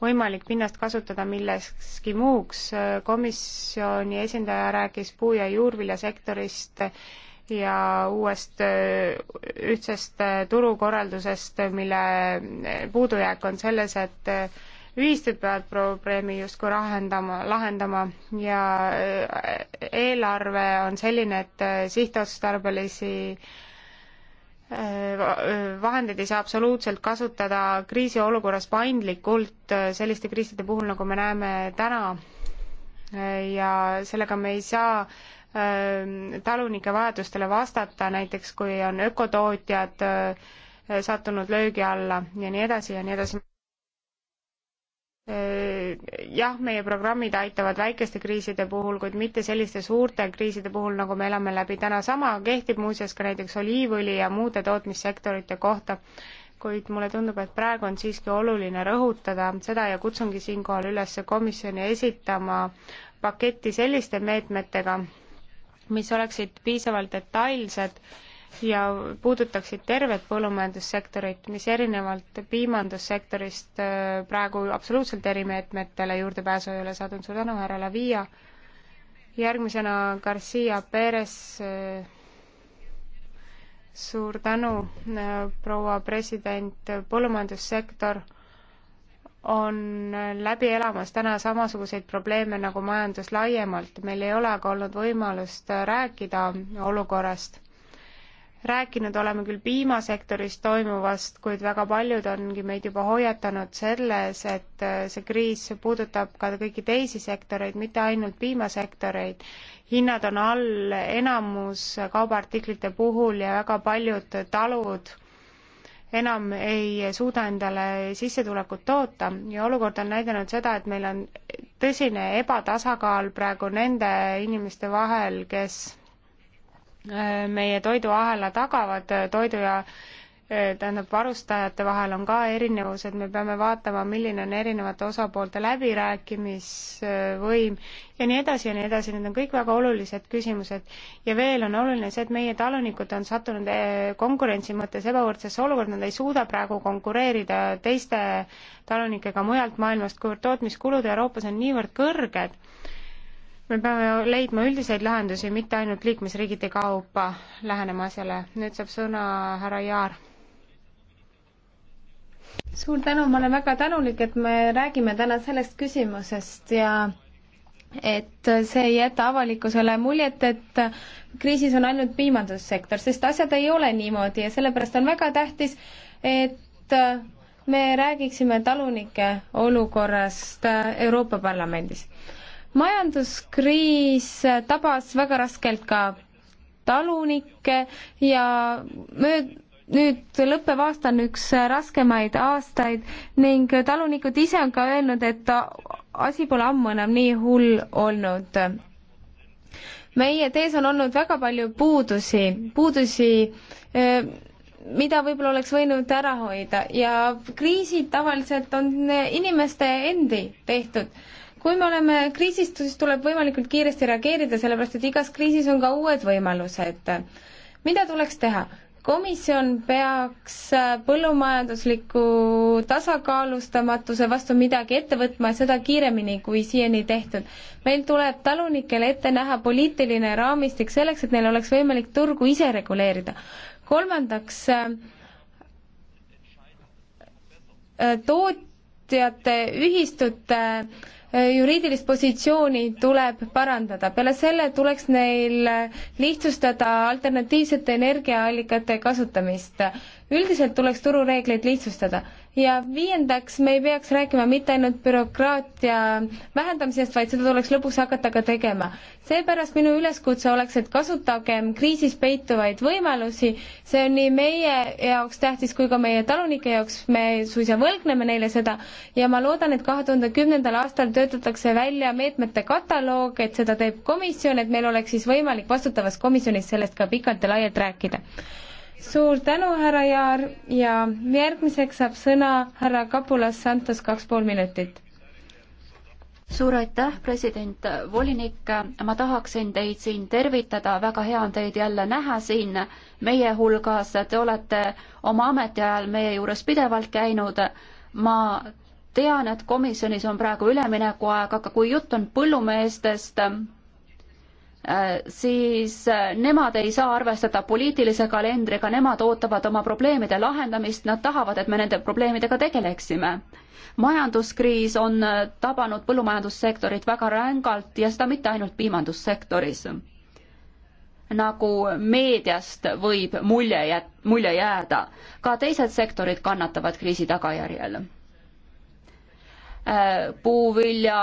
võimalik pinnast kasutada millekski muuks. komisjoni esindaja rääkis puu- ja juurviljasektorist ja uuest äh, ühtsest äh, turukorraldusest, mille äh, puudujääk on selles, et ühistud peavad probleemi justkui lahendama, lahendama ja eelarve on selline, et sihtotstarbelisi vahendeid ei saa absoluutselt kasutada kriisiolukorras paindlikult selliste kriiside puhul, nagu me näeme täna. ja sellega me ei saa Ähm, talunike vajadustele vastata, näiteks kui on ökotootjad äh, sattunud löögi alla ja nii edasi ja nii edasi. Äh, jah, meie programmid aitavad väikeste kriiside puhul, kuid mitte selliste suurte kriiside puhul, nagu me elame läbi täna. sama kehtib muuseas ka näiteks oliivõli ja muude tootmissektorite kohta, kuid mulle tundub, et praegu on siiski oluline rõhutada seda ja kutsungi siinkohal üles komisjoni esitama paketti selliste meetmetega, mis oleksid piisavalt detailsed ja puudutaksid tervet põllumajandussektorit, mis erinevalt piimandussektorist äh, praegu absoluutselt erimeetmetele juurdepääsu ei ole saadud. suur tänu, härra Lavia. järgmisena Garcia Perez. Äh, suur tänu, äh, proua president, põllumajandussektor on läbi elamas täna samasuguseid probleeme nagu majandus laiemalt, meil ei ole aga olnud võimalust rääkida olukorrast. rääkinud oleme küll piimasektoris toimuvast, kuid väga paljud ongi meid juba hoiatanud selles, et see kriis puudutab ka kõiki teisi sektoreid, mitte ainult piimasektoreid. hinnad on all enamus kaubaartiklite puhul ja väga paljud talud enam ei suuda endale sissetulekut toota ja olukord on näidanud seda, et meil on tõsine ebatasakaal praegu nende inimeste vahel, kes äh, meie toiduahela tagavad, toidu ja tähendab, varustajate vahel on ka erinevused, me peame vaatama, milline on erinevate osapoolte läbirääkimisvõim ja nii edasi ja nii edasi, need on kõik väga olulised küsimused. ja veel on oluline see, et meie talunikud on sattunud eh, konkurentsi mõttes ebavõrdsesse olukorda, nad ei suuda praegu konkureerida teiste talunikega mujalt maailmast, kuivõrd tootmiskulud Euroopas on niivõrd kõrged, me peame leidma üldiseid lahendusi, mitte ainult liikmesriigide kaupa lähenema asjale. nüüd saab sõna härra Jaar suur tänu, ma olen väga tänulik, et me räägime täna sellest küsimusest ja et see ei jäta avalikkusele muljet, et kriisis on ainult piimandussektor, sest asjad ei ole niimoodi ja sellepärast on väga tähtis, et me räägiksime talunike olukorrast Euroopa Parlamendis. majanduskriis tabas väga raskelt ka talunikke ja mööd-, nüüd lõppev aasta on üks raskemaid aastaid ning talunikud ise on ka öelnud, et asi pole ammu enam nii hull olnud. meie tees on olnud väga palju puudusi, puudusi, eh, mida võib-olla oleks võinud ära hoida ja kriisid tavaliselt on inimeste endi tehtud kui me oleme kriisist, siis tuleb võimalikult kiiresti reageerida, sellepärast et igas kriisis on ka uued võimalused. mida tuleks teha? komisjon peaks äh, põllumajandusliku tasakaalustamatuse vastu midagi ette võtma ja seda kiiremini kui siiani tehtud. meil tuleb talunikele ette näha poliitiline raamistik selleks, et neil oleks võimalik turgu ise reguleerida. kolmandaks, äh, äh, tootjate ühistute äh, juriidilist positsiooni tuleb parandada, peale selle tuleks neil lihtsustada alternatiivsete energiaallikate kasutamist. üldiselt tuleks turureegleid lihtsustada ja viiendaks, me ei peaks rääkima mitte ainult bürokraatia vähendamisest, vaid seda tuleks lõpuks hakata ka tegema. seepärast minu üleskutse oleks, et kasutagem kriisis peituvaid võimalusi, see on nii meie jaoks tähtis kui ka meie talunike jaoks, me suisa võlgneme neile seda ja ma loodan, et kahe tuhande kümnendal aastal töötatakse välja meetmete kataloog, et seda teeb komisjon, et meil oleks siis võimalik vastutavas komisjonis sellest ka pikalt ja laialt rääkida. suur tänu, härra Jaar ja järgmiseks saab sõna härra Kapulas Santos, kaks pool minutit suur aitäh, president, volinik, ma tahaksin teid siin tervitada, väga hea on teid jälle näha siin meie hulgas, te olete oma ametiajal meie juures pidevalt käinud, ma tean, et komisjonis on praegu üleminekuaeg, aga kui jutt on põllumeestest, äh, siis äh, nemad ei saa arvestada poliitilise kalendriga, nemad ootavad oma probleemide lahendamist, nad tahavad, et me nende probleemidega tegeleksime. majanduskriis on äh, tabanud põllumajandussektorit väga rängalt ja seda mitte ainult piimandussektoris. nagu meediast võib mulje jät-, mulje jääda, ka teised sektorid kannatavad kriisi tagajärjel Äh, puuvilja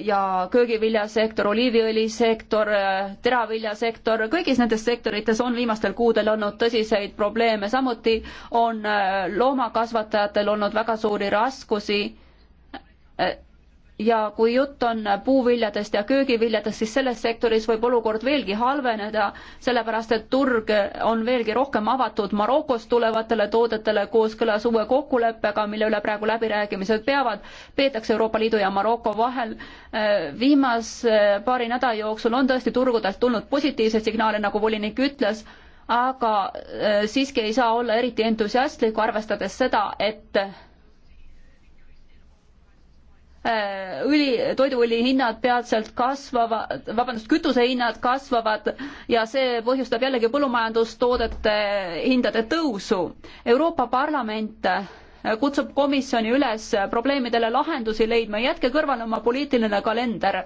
ja köögiviljasektor, oliiviõlisektor, äh, teraviljasektor, kõigis nendes sektorites on viimastel kuudel olnud tõsiseid probleeme, samuti on äh, loomakasvatajatel olnud väga suuri raskusi ja kui jutt on puuviljadest ja köögiviljadest, siis selles sektoris võib olukord veelgi halveneda, sellepärast et turg on veelgi rohkem avatud Marokost tulevatele toodetele kooskõlas uue kokkuleppega, mille üle praegu läbirääkimised peavad, peetakse Euroopa Liidu ja Maroko vahel. viimase paari nädala jooksul on tõesti turgudest tulnud positiivseid signaale, nagu volinik ütles, aga eh, siiski ei saa olla eriti entusiastlik, arvestades seda, et Äh, õli, toiduõli hinnad peatselt kasvavad, vabandust, kütusehinnad kasvavad ja see põhjustab jällegi põllumajandustoodete hindade tõusu. Euroopa Parlament äh, kutsub komisjoni üles probleemidele lahendusi leidma, jätke kõrvale oma poliitiline kalender.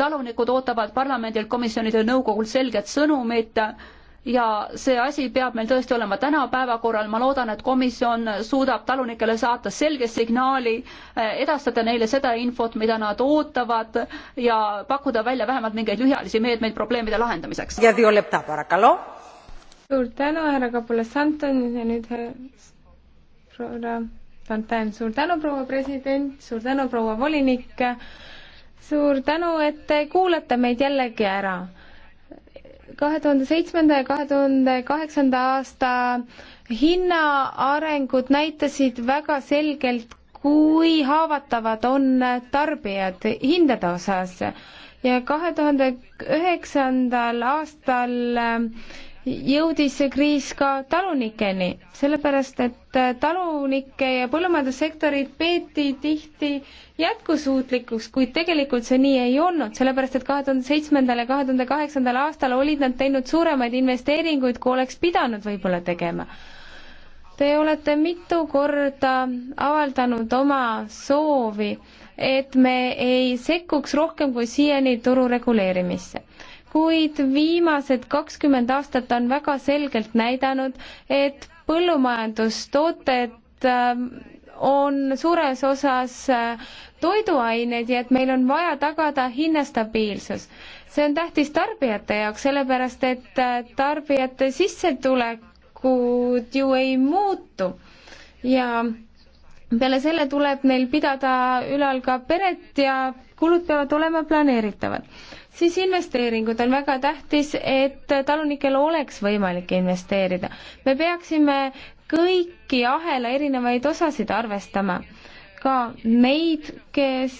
talunikud ootavad parlamendilt, komisjonilt ja nõukogult selget sõnumit ja see asi peab meil tõesti olema täna päevakorral, ma loodan, et komisjon suudab talunikele saata selge signaali, eh, edastada neile seda infot, mida nad ootavad ja pakkuda välja vähemalt mingeid lühiajalisi meetmeid probleemide lahendamiseks. suur tänu, härra Kapolas-Santon ja nüüd härra eh, Fontaine, suur tänu, proua president, suur tänu, proua volinik, suur tänu, et te kuulate meid jällegi ära kahe tuhande seitsmenda ja kahe tuhande kaheksanda aasta hinnaarengud näitasid väga selgelt, kui haavatavad on tarbijad hindade osas ja kahe tuhande üheksandal aastal jõudis see kriis ka talunikeni, sellepärast et talunikke ja põllumajandussektorit peeti tihti jätkusuutlikuks, kuid tegelikult see nii ei olnud, sellepärast et kahe tuhande seitsmendal ja kahe tuhande kaheksandal aastal olid nad teinud suuremaid investeeringuid, kui oleks pidanud võib-olla tegema. Te olete mitu korda avaldanud oma soovi, et me ei sekkuks rohkem kui siiani turu reguleerimisse kuid viimased kakskümmend aastat on väga selgelt näidanud, et põllumajandustooted ähm, on suures osas äh, toiduained ja et meil on vaja tagada hinnastabiilsus. see on tähtis tarbijate jaoks, sellepärast et äh, tarbijate sissetulekud ju ei muutu ja peale selle tuleb neil pidada ülal ka peret ja kulud peavad olema planeeritavad siis investeeringud on väga tähtis, et talunikel oleks võimalik investeerida. me peaksime kõiki ahela erinevaid osasid arvestama, ka neid, kes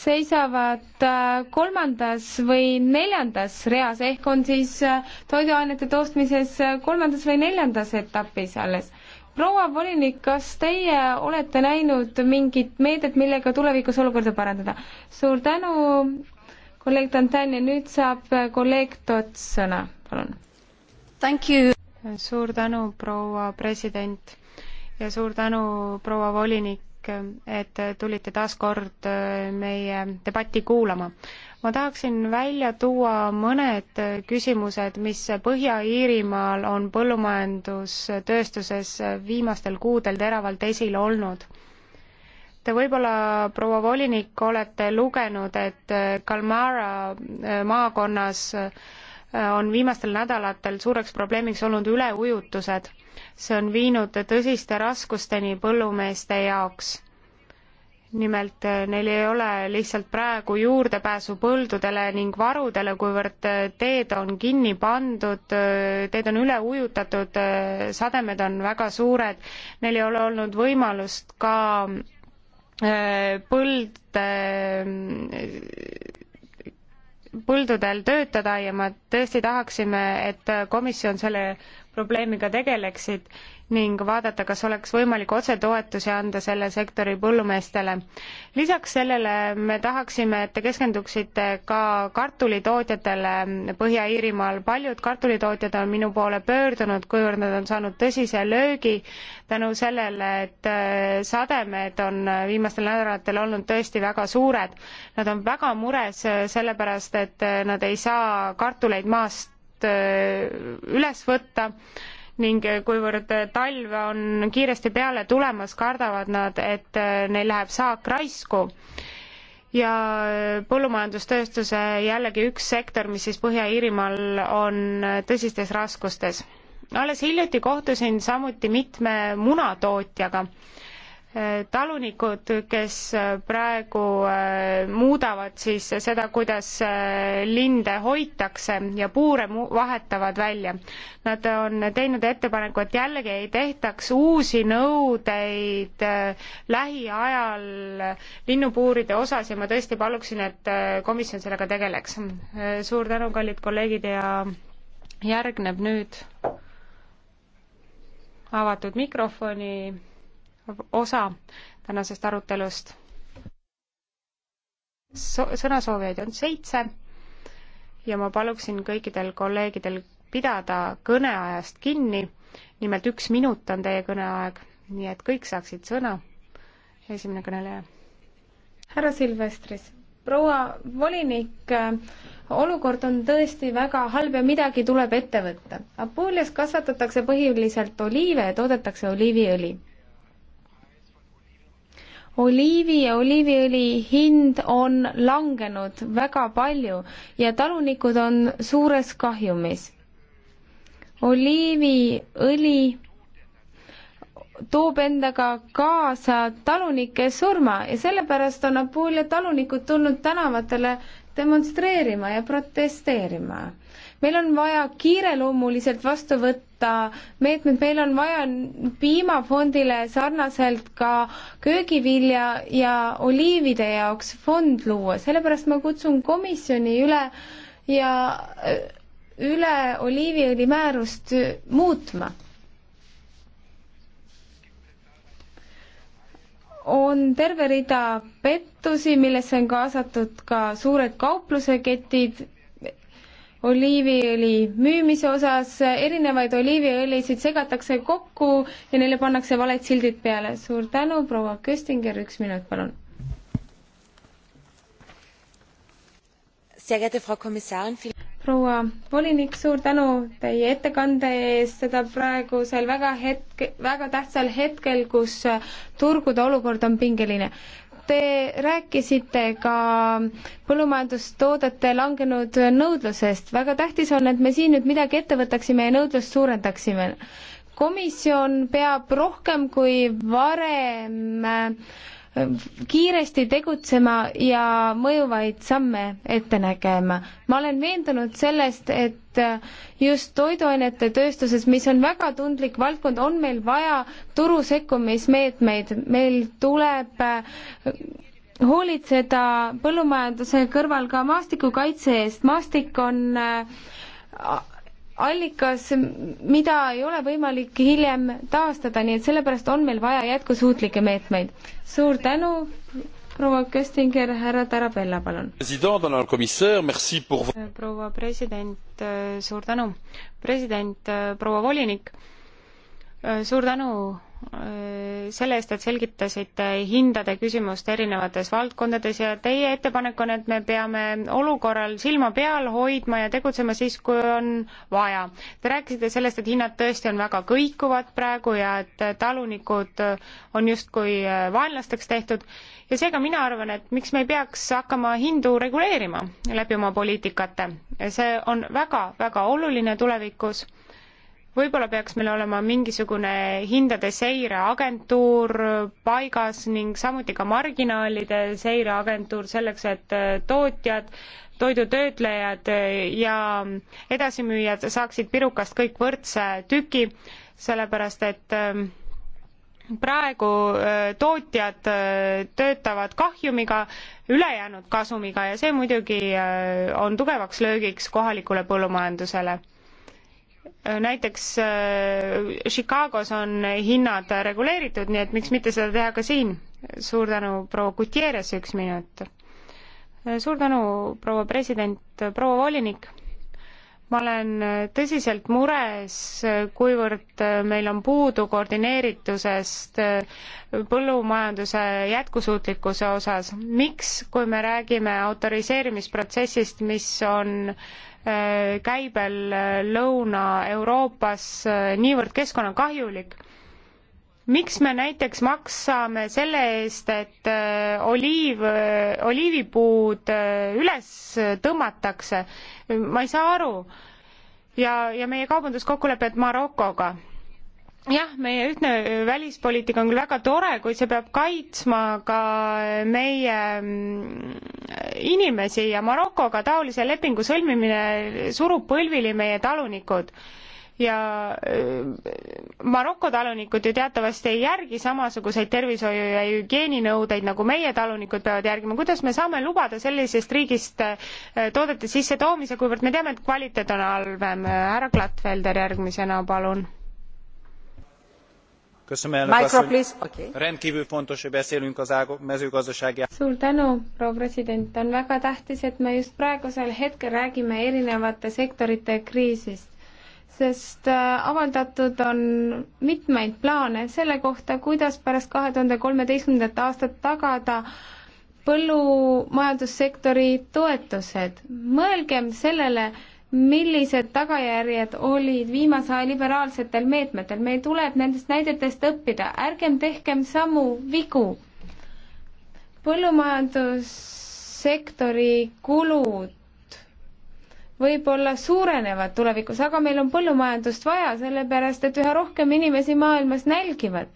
seisavad äh, kolmandas või neljandas reas ehk on siis äh, toiduainete toostmises äh, kolmandas või neljandas etapis alles proua volinik, kas teie olete näinud mingit meedet, millega tulevikus olukorda parandada? suur tänu, kolleeg Tantan ja nüüd saab kolleeg Tots sõna, palun. suur tänu, proua president ja suur tänu, proua volinik, et tulite taas kord meie debatti kuulama ma tahaksin välja tuua mõned küsimused, mis Põhja-Iirimaal on põllumajandustööstuses viimastel kuudel teravalt esil olnud. Te võib-olla, proua volinik, olete lugenud, et Kalmara maakonnas on viimastel nädalatel suureks probleemiks olnud üleujutused. see on viinud tõsiste raskusteni põllumeeste jaoks nimelt eh, neil ei ole lihtsalt praegu juurdepääsu põldudele ning varudele, kuivõrd eh, teed on kinni pandud, eh, teed on üle ujutatud, sademed on väga suured, neil ei ole olnud võimalust ka põld, põldudel töötada ja me tõesti tahaksime, et komisjon selle probleemiga tegeleksid ning vaadata, kas oleks võimalik otsetoetusi anda selle sektori põllumeestele. lisaks sellele me tahaksime, et te keskenduksite ka kartulitootjatele Põhja-Iirimaal. paljud kartulitootjad on minu poole pöördunud, kuivõrd nad on saanud tõsise löögi tänu sellele, et äh, sademed on viimastel nädalatel olnud tõesti väga suured. Nad on väga mures äh, sellepärast, et äh, nad ei saa kartuleid maast teemat äh, üles võtta ning äh, kuivõrd äh, talv on kiiresti peale tulemas, kardavad nad, et neil läheb saak raisku. ja põllumajandustööstuse jällegi üks sektor, mis siis Põhja-Iirimaal on tõsistes raskustes. alles hiljuti kohtusin samuti mitme munatootjaga Eh, talunikud, kes eh, praegu eh, muudavad siis seda, kuidas linde hoitakse ja puure vahetavad välja. Nad on teinud ettepaneku, et jällegi ei tehtaks uusi nõudeid lähiajal linnupuuride osas ja ma tõesti paluksin, et komisjon sellega tegeleks. suur tänu, kallid kolleegid ja järgneb nüüd avatud mikrofoni osa tänasest arutelust so. sõnasoovijaid on seitse ja ma paluksin kõikidel kolleegidel pidada kõneajast kinni. nimelt üks minut on teie kõneaeg, nii et kõik saaksid sõna. esimene kõneleja. härra Silvestris proua volinik, olukord on tõesti väga halb ja midagi tuleb ette võtta. Apulias kasvatatakse põhiliselt oliive ja toodetakse oliiviõli oliivi ja oliiviõli hind on langenud väga palju ja talunikud on suures kahjumis. oliiviõli toob endaga kaasa talunike surma ja sellepärast on Apuulia talunikud tulnud tänavatele demonstreerima ja protesteerima meil on vaja kiireloomuliselt vastu võtta meetmed, meil on vaja piimafondile sarnaselt ka köögivilja ja oliivide jaoks fond luua, sellepärast ma kutsun komisjoni üle ja äh, üle oliiviõli määrust äh, muutma on terve rida pettusi, millesse on kaasatud ka suured kaupluseketid oliiviõli müümise osas, erinevaid oliiviõlisid segatakse kokku ja neile pannakse valed sildid peale. suur tänu, proua Köstinger, üks minut, palun. proua volinik, suur tänu teie ettekande eest, seda praegusel väga hetk, väga tähtsal hetkel, kus turgude olukord on pingeline. Te rääkisite ka põllumajandustoodete langenud nõudlusest. väga tähtis on, et me siin nüüd midagi ette võtaksime ja nõudlust suurendaksime. komisjon peab rohkem kui varem äh, kiiresti tegutsema ja mõjuvaid samme ette nägema. ma olen veendunud sellest, et just toiduainete tööstuses, mis on väga tundlik valdkond, on meil vaja turu sekkumismeetmeid, meil tuleb hoolitseda põllumajanduse kõrval ka maastikukaitse eest, maastik on äh, allikas, mida ei ole võimalik hiljem taastada, nii et sellepärast on meil vaja jätkusuutlikke meetmeid. suur tänu, proua Köstinger, härra Tarabella, palun. proua president, suur tänu. president, proua volinik, suur tänu selle eest, et selgitasite hindade küsimust erinevates valdkondades ja teie ettepanek on, et me peame olukorral silma peal hoidma ja tegutsema siis, kui on vaja. Te rääkisite sellest, et hinnad tõesti on väga kõikuvad praegu ja et talunikud on justkui vaenlasteks tehtud ja seega mina arvan, et miks me ei peaks hakkama hindu reguleerima läbi oma poliitikate. see on väga-väga oluline tulevikus võib-olla peaks meil olema mingisugune hindade seireagentuur paigas ning samuti ka marginaalide seireagentuur selleks, et äh, tootjad, toidutöötlejad äh, ja edasimüüjad saaksid pirukast kõik võrdse tüki, sellepärast et ähm, praegu äh, tootjad töötavad kahjumiga, ülejäänud kasumiga ja see muidugi on tugevaks löögiks kohalikule põllumajandusele näiteks äh, Chicagos on hinnad reguleeritud, nii et miks mitte seda teha ka siin. suur tänu, proua Gutierrez, üks minut. Äh, suur tänu, proua president, proua volinik. ma olen äh, tõsiselt mures, kuivõrd meil on puudu koordineeritusest põllumajanduse jätkusuutlikkuse osas. miks, kui me räägime autoriseerimisprotsessist, mis on äh, Äh, käibel äh, Lõuna-Euroopas äh, niivõrd keskkonnakahjulik. miks me näiteks maksame selle eest, et oliiv, oliivipuud üles tõmmatakse, ma ei saa aru, ja, ja meie kaubanduskokkulepped Marokoga jah, meie ühtne välispoliitika on küll väga tore, kuid see peab kaitsma ka meie mm, inimesi ja Marokoga taolise lepingu sõlmimine surub põlvili meie talunikud ja äh, Maroko talunikud ju teatavasti ei järgi samasuguseid tervishoiu ja hügieeninõudeid, nagu meie talunikud peavad järgima. kuidas me saame lubada sellisest riigist äh, toodete sissetoomise, kuivõrd me teame, et kvaliteet on halvem? härra Klatfelder järgmisena, palun rendkvül fontos hogy beszélünk az mezőgazdasági. suur tänu proua president on väga tähtis et me just praegusel hetkel räägime erinevate sektorite kriisist sest äh, avaldatud on mitmeid plaane selle kohta kuidas pärast kahe tuhande kolmeteistkümnendat aastat tagada põllumajandussektori toetused mõelgem sellele millised tagajärjed olid viimase aja liberaalsetel meetmetel. meil tuleb nendest näidetest õppida, ärgem tehkem samu vigu. põllumajandussektori kulud võib-olla suurenevad tulevikus, aga meil on põllumajandust vaja, sellepärast et üha rohkem inimesi maailmas nälgivad.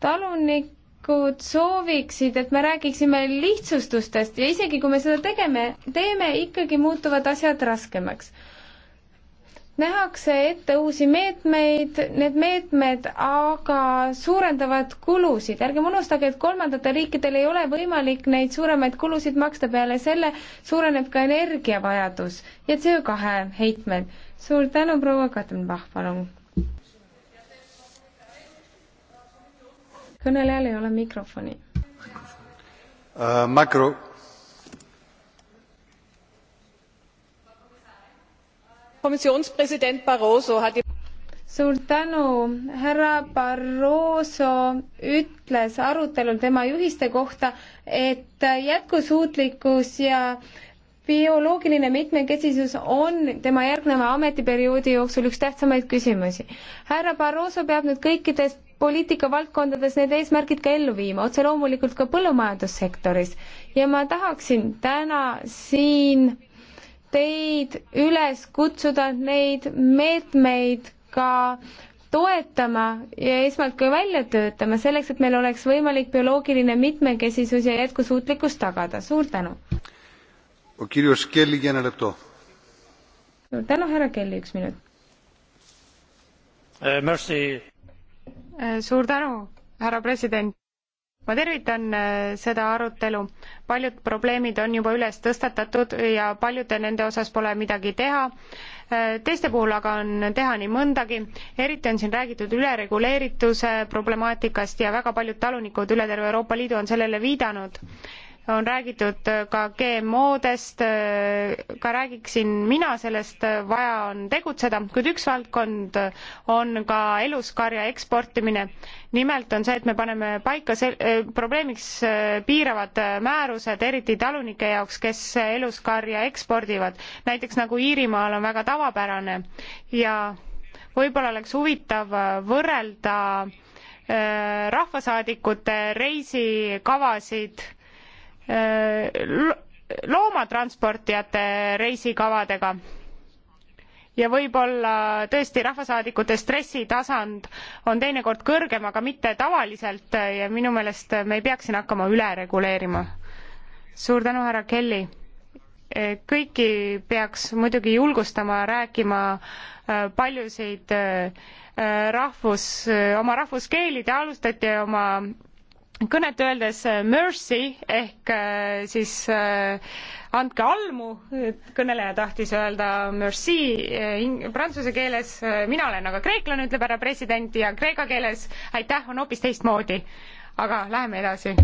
talunik kodanikud sooviksid, et me räägiksime lihtsustustest ja isegi kui me seda tegeme, teeme, ikkagi muutuvad asjad raskemaks. nähakse ette uusi meetmeid, need meetmed aga suurendavad kulusid, ärgem unustage, et kolmandatel riikidel ei ole võimalik neid suuremaid kulusid maksta, peale selle suureneb ka energiavajadus ja CO2 heitmed. suur tänu, proua Katrin Pahv, palun! kõnelejal ei ole mikrofoni uh,. Makro. komisjonspresident Barroso hat suur tänu, härra Barroso ütles arutelul tema juhiste kohta, et jätkusuutlikkus ja bioloogiline mitmekesisus on tema järgneva ametiperioodi jooksul üks tähtsamaid küsimusi. härra Barroso peab nüüd kõikidest poliitikavaldkondades need eesmärgid ka ellu viima, otse loomulikult ka põllumajandussektoris. ja ma tahaksin täna siin teid üles kutsuda neid meetmeid ka toetama ja esmalt ka välja töötama, selleks et meil oleks võimalik bioloogiline mitmekesisus ja jätkusuutlikkus tagada. suur tänu! suur tänu, härra Kelly, üks minut. Eh, merci Äh, suur tänu, härra president. ma tervitan äh, seda arutelu. paljud probleemid on juba üles tõstatatud ja paljude nende osas pole midagi teha. Äh, teiste puhul aga on teha nii mõndagi. eriti on siin räägitud ülereguleerituse problemaatikast ja väga paljud talunikud üle terve Euroopa Liidu on sellele viidanud on räägitud äh, ka GMO-dest, äh, ka räägiksin mina sellest, äh, vaja on tegutseda, kuid üks valdkond on ka eluskarja eksportimine. nimelt on see, et me paneme paika sel-, probleemiks piiravad määrused, eriti talunike jaoks, kes eluskarja ekspordivad. näiteks nagu Iirimaal on väga tavapärane ja võib-olla oleks huvitav võrrelda rahvasaadikute reisikavasid Äh, loomatransportijate reisikavadega ja võib-olla tõesti rahvasaadikute stressitasand on teinekord kõrgem, aga mitte tavaliselt äh, ja minu meelest me ei peaks siin hakkama üle reguleerima. suur tänu, härra Kelly. Äh, kõiki peaks muidugi julgustama rääkima paljusid rahvus, oma rahvuskeeli, te alustate oma kõnet öeldes eh, mercy ehk eh, siis eh, andke almu, kõneleja tahtis öelda merci prantsuse keeles, mina olen aga kreeklane, ütleb härra president ja kreeka keeles aitäh on hoopis teistmoodi. aga läheme edasi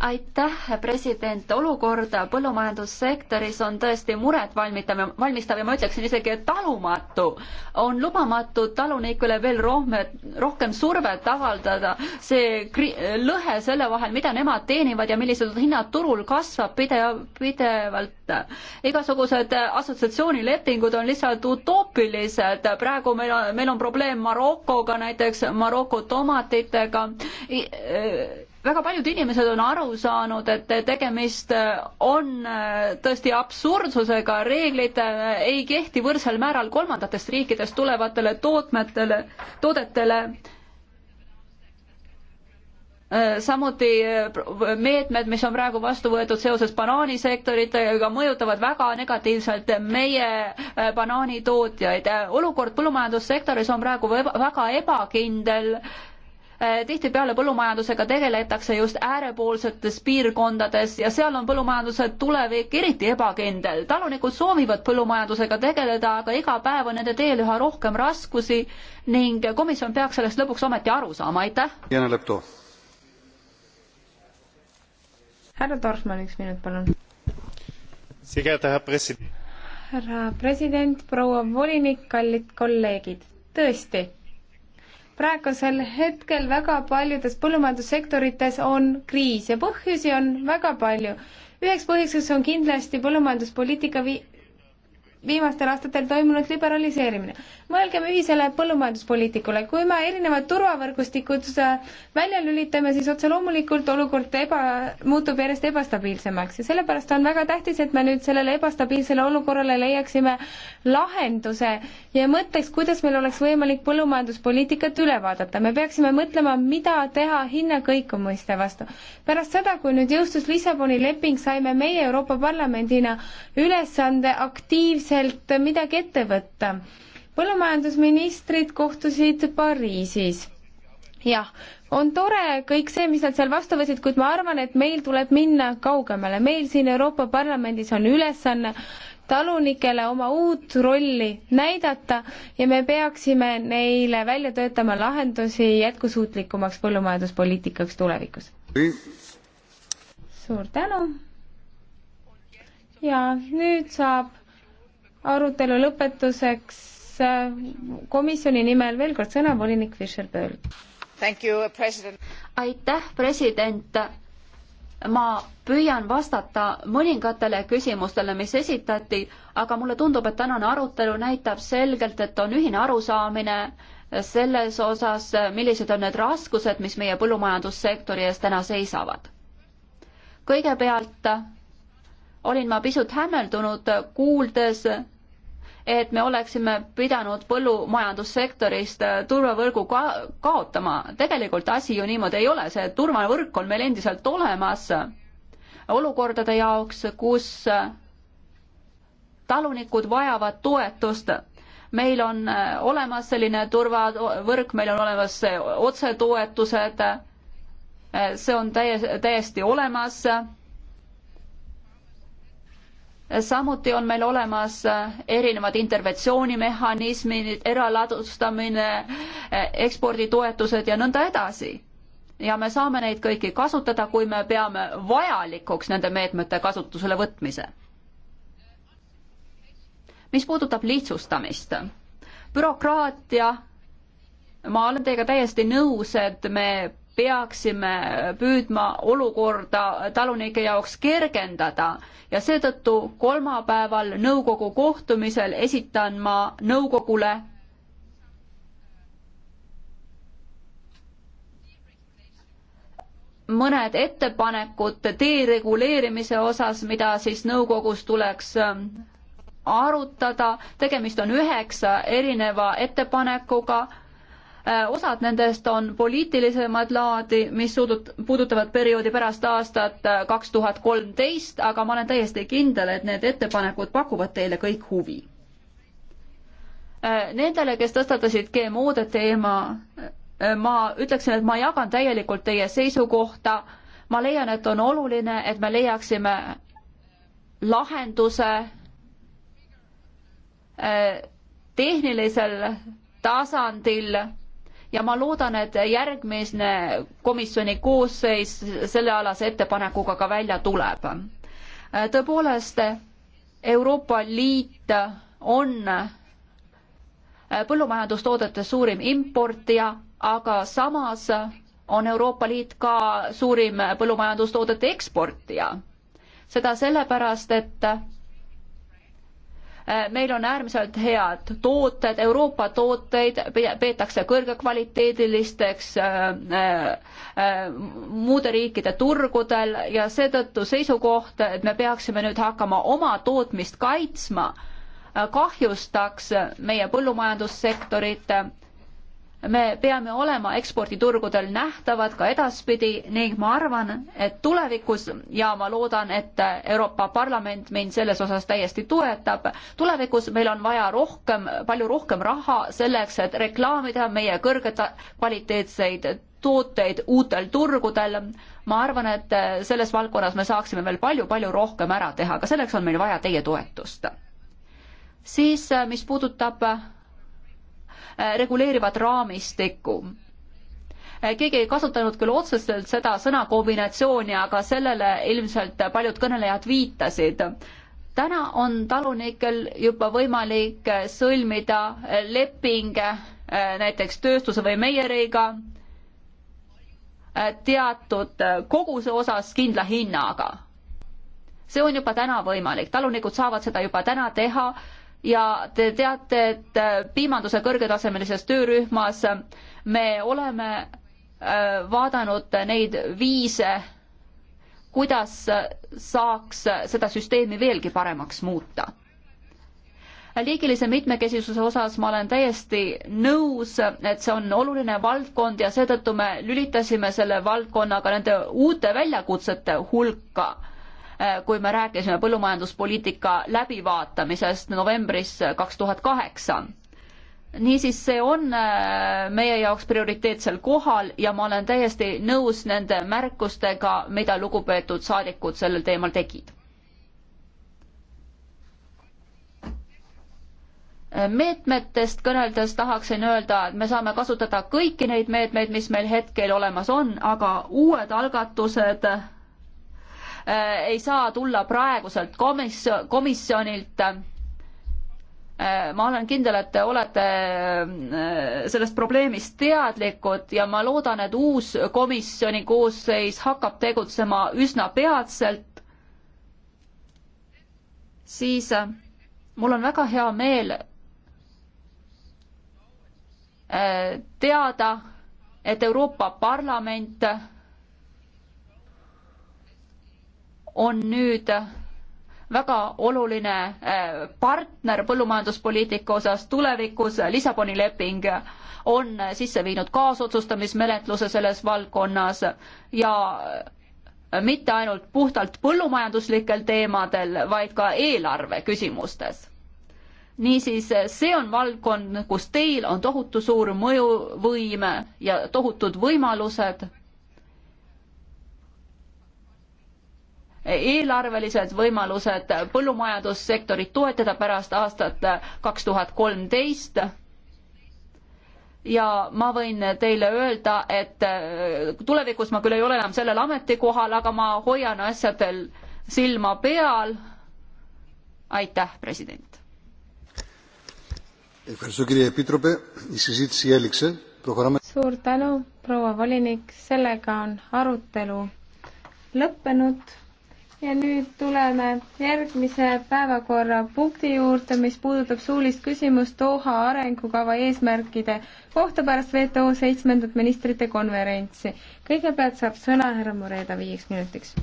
aitäh, president, olukord põllumajandussektoris on tõesti muret valmitav, valmistav ja ma ütleksin isegi, et talumatu. on lubamatu talunikule veel rohme, rohkem survet avaldada, see kri-, lõhe selle vahel, mida nemad teenivad ja millised hinnad turul kasvab pidev, pidevalt. igasugused assotsiatsioonilepingud on lihtsalt utoopilised, praegu meil on, meil on probleem Marokoga näiteks, Maroko tomatitega I, väga paljud inimesed on aru saanud, et tegemist on äh, tõesti absurdsusega, reeglid äh, ei kehti võrdsel määral kolmandatest riikidest tulevatele tootmetele, toodetele. Äh, samuti meetmed, mis on praegu vastu võetud seoses banaanisektoritega, mõjutavad väga negatiivselt meie banaanitootjaid. olukord põllumajandussektoris on praegu väga ebakindel Eh, tihtipeale põllumajandusega tegeletakse just äärepoolsetes piirkondades ja seal on põllumajanduse tulevik eriti ebakindel. talunikud soovivad põllumajandusega tegeleda, aga iga päev on nende teel üha rohkem raskusi ning komisjon peaks sellest lõpuks ometi aru saama, aitäh! härra Dorfmann, üks minut, palun härra president, proua volinik, kallid kolleegid, tõesti, praegusel hetkel väga paljudes põllumajandussektorites on kriis ja põhjusi on väga palju. üheks põhjuseks on kindlasti põllumajanduspoliitika vi-, viimastel aastatel toimunud liberaliseerimine. mõelgem ühisele põllumajanduspoliitikule, kui me erinevad turvavõrgustikud äh, välja lülitame, siis otse loomulikult olukord eba, muutub järjest ebastabiilsemaks ja sellepärast on väga tähtis, et me nüüd sellele ebastabiilsele olukorrale leiaksime lahenduse ja mõtleks, kuidas meil oleks võimalik põllumajanduspoliitikat üle vaadata. me peaksime mõtlema, mida teha hinnakõikumiste vastu. pärast seda, kui nüüd jõustus Lissaboni leping, saime meie Euroopa Parlamendina ülesande aktiivselt ühiselt midagi ette võtta. põllumajandusministrid kohtusid Pariisis. jah, on tore kõik see, mis nad seal vastu võtsid, kuid ma arvan, et meil tuleb minna kaugemale. meil siin Euroopa Parlamendis on ülesanne talunikele oma uut rolli näidata ja me peaksime neile välja töötama lahendusi jätkusuutlikumaks põllumajanduspoliitikaks tulevikus. suur tänu. ja nüüd saab arutelu lõpetuseks äh, komisjoni nimel veel kord sõna volinik Fischer-Böll. aitäh, president. ma püüan vastata mõningatele küsimustele, mis esitati, aga mulle tundub, et tänane arutelu näitab selgelt, et on ühine arusaamine selles osas, millised on need raskused, mis meie põllumajandussektori ees täna seisavad. kõigepealt olin ma pisut hämmeldunud, kuuldes, et me oleksime pidanud põllumajandussektorist turvavõrgu ka kaotama. tegelikult asi ju niimoodi ei ole, see turvavõrk on meil endiselt olemas olukordade jaoks, kus talunikud vajavad toetust. meil on olemas selline turvavõrk, meil on olemas otsetoetused, see on täie-, täiesti olemas samuti on meil olemas äh, erinevad interventsioonimehhanismid, eraladustamine, äh, eksporditoetused ja nõnda edasi. ja me saame neid kõiki kasutada, kui me peame vajalikuks nende meetmete kasutusele võtmise. mis puudutab lihtsustamist, bürokraatia ma olen teiega täiesti nõus, et me peaksime püüdma olukorda talunike jaoks kergendada ja seetõttu kolmapäeval nõukogu kohtumisel esitan ma nõukogule mõned ettepanekud dereguleerimise osas, mida siis nõukogus tuleks ähm, arutada, tegemist on üheksa erineva ettepanekuga Äh, osad nendest on poliitilisemad laadi, mis suudut-, puudutavad perioodi pärast aastat äh, kaks tuhat kolmteist, aga ma olen täiesti kindel, et need ettepanekud pakuvad teile kõik huvi. Äh, nendele, kes tõstatasid GMO-de teema, ma ütleksin, et ma jagan täielikult teie seisukohta, ma leian, et on oluline, et me leiaksime lahenduse tehnilisel tasandil ja ma loodan, et järgmine komisjoni koosseis sellealase ettepanekuga ka välja tuleb. tõepoolest, Euroopa Liit on põllumajandustoodete suurim importija, aga samas on Euroopa Liit ka suurim põllumajandustoodete eksportija. seda sellepärast, et Äh, meil on äärmiselt head tooted, Euroopa tooteid peetakse kõrgekvaliteedilisteks äh, äh, muude riikide turgudel ja seetõttu seisukoht, et me peaksime nüüd hakkama oma tootmist kaitsma, kahjustaks meie põllumajandussektorit me peame olema eksporditurgudel nähtavad ka edaspidi ning ma arvan, et tulevikus ja ma loodan, et Euroopa Parlament mind selles osas täiesti toetab, tulevikus meil on vaja rohkem, palju rohkem raha selleks, et reklaamida meie kõrget kvaliteetseid tooteid uutel turgudel. ma arvan, et selles valdkonnas me saaksime veel palju-palju rohkem ära teha, aga selleks on meil vaja teie toetust. siis, mis puudutab Äh, reguleerivat raamistikku äh, keegi ei kasutanud küll otseselt seda sõnakombinatsiooni, aga sellele ilmselt paljud kõnelejad viitasid. täna on talunikel juba võimalik äh, sõlmida leping näiteks tööstuse või meieriga teatud koguse osas kindla hinnaga see on juba täna võimalik, talunikud saavad seda juba täna teha ja te teate, et äh, piimanduse kõrgetasemelises töörühmas me oleme äh, vaadanud neid viise, kuidas saaks seda süsteemi veelgi paremaks muuta. liigilise mitmekesisuse osas ma olen täiesti nõus, et see on oluline valdkond ja seetõttu me lülitasime selle valdkonnaga nende uute väljakutsete hulka Äh, kui me rääkisime põllumajanduspoliitika läbivaatamisest novembris kaks tuhat kaheksa niisiis, see on äh, meie jaoks prioriteetsel kohal ja ma olen täiesti nõus nende märkustega, mida lugupeetud saadikud sellel teemal tegid. meetmetest kõneldes tahaksin öelda, et me saame kasutada kõiki neid meetmeid, mis meil hetkel olemas on, aga uued algatused Äh, ei saa tulla praeguselt komis-, komisjonilt. Äh, ma olen kindel, et te olete äh, sellest probleemist teadlikud ja ma loodan, et uus komisjoni koosseis hakkab tegutsema üsna peatselt. siis mul on väga hea meel teada, et Euroopa Parlament on nüüd väga oluline äh, partner põllumajanduspoliitika osas tulevikus, Lissaboni leping on sisse viinud kaasotsustamismenetluse selles valdkonnas ja mitte ainult puhtalt põllumajanduslikel teemadel, vaid ka eelarve küsimustes. niisiis, see on valdkond, kus teil on tohutu suur mõjuvõim ja tohutud võimalused eelarvelised võimalused põllumajandussektorit toetada pärast aastat kaks tuhat kolmteist ja ma võin teile öelda, et äh, tulevikus ma küll ei ole enam sellel ametikohal, aga ma hoian asjadel silma peal. aitäh, president. suur tänu, proua volinik, sellega on arutelu lõppenud ja nüüd tuleme järgmise päevakorrapunkti juurde, mis puudutab suulist küsimust Doha arengukava eesmärkide kohta pärast WTO seitsmendat ministrite konverentsi. kõigepealt saab sõna härra Mureda viieks minutiks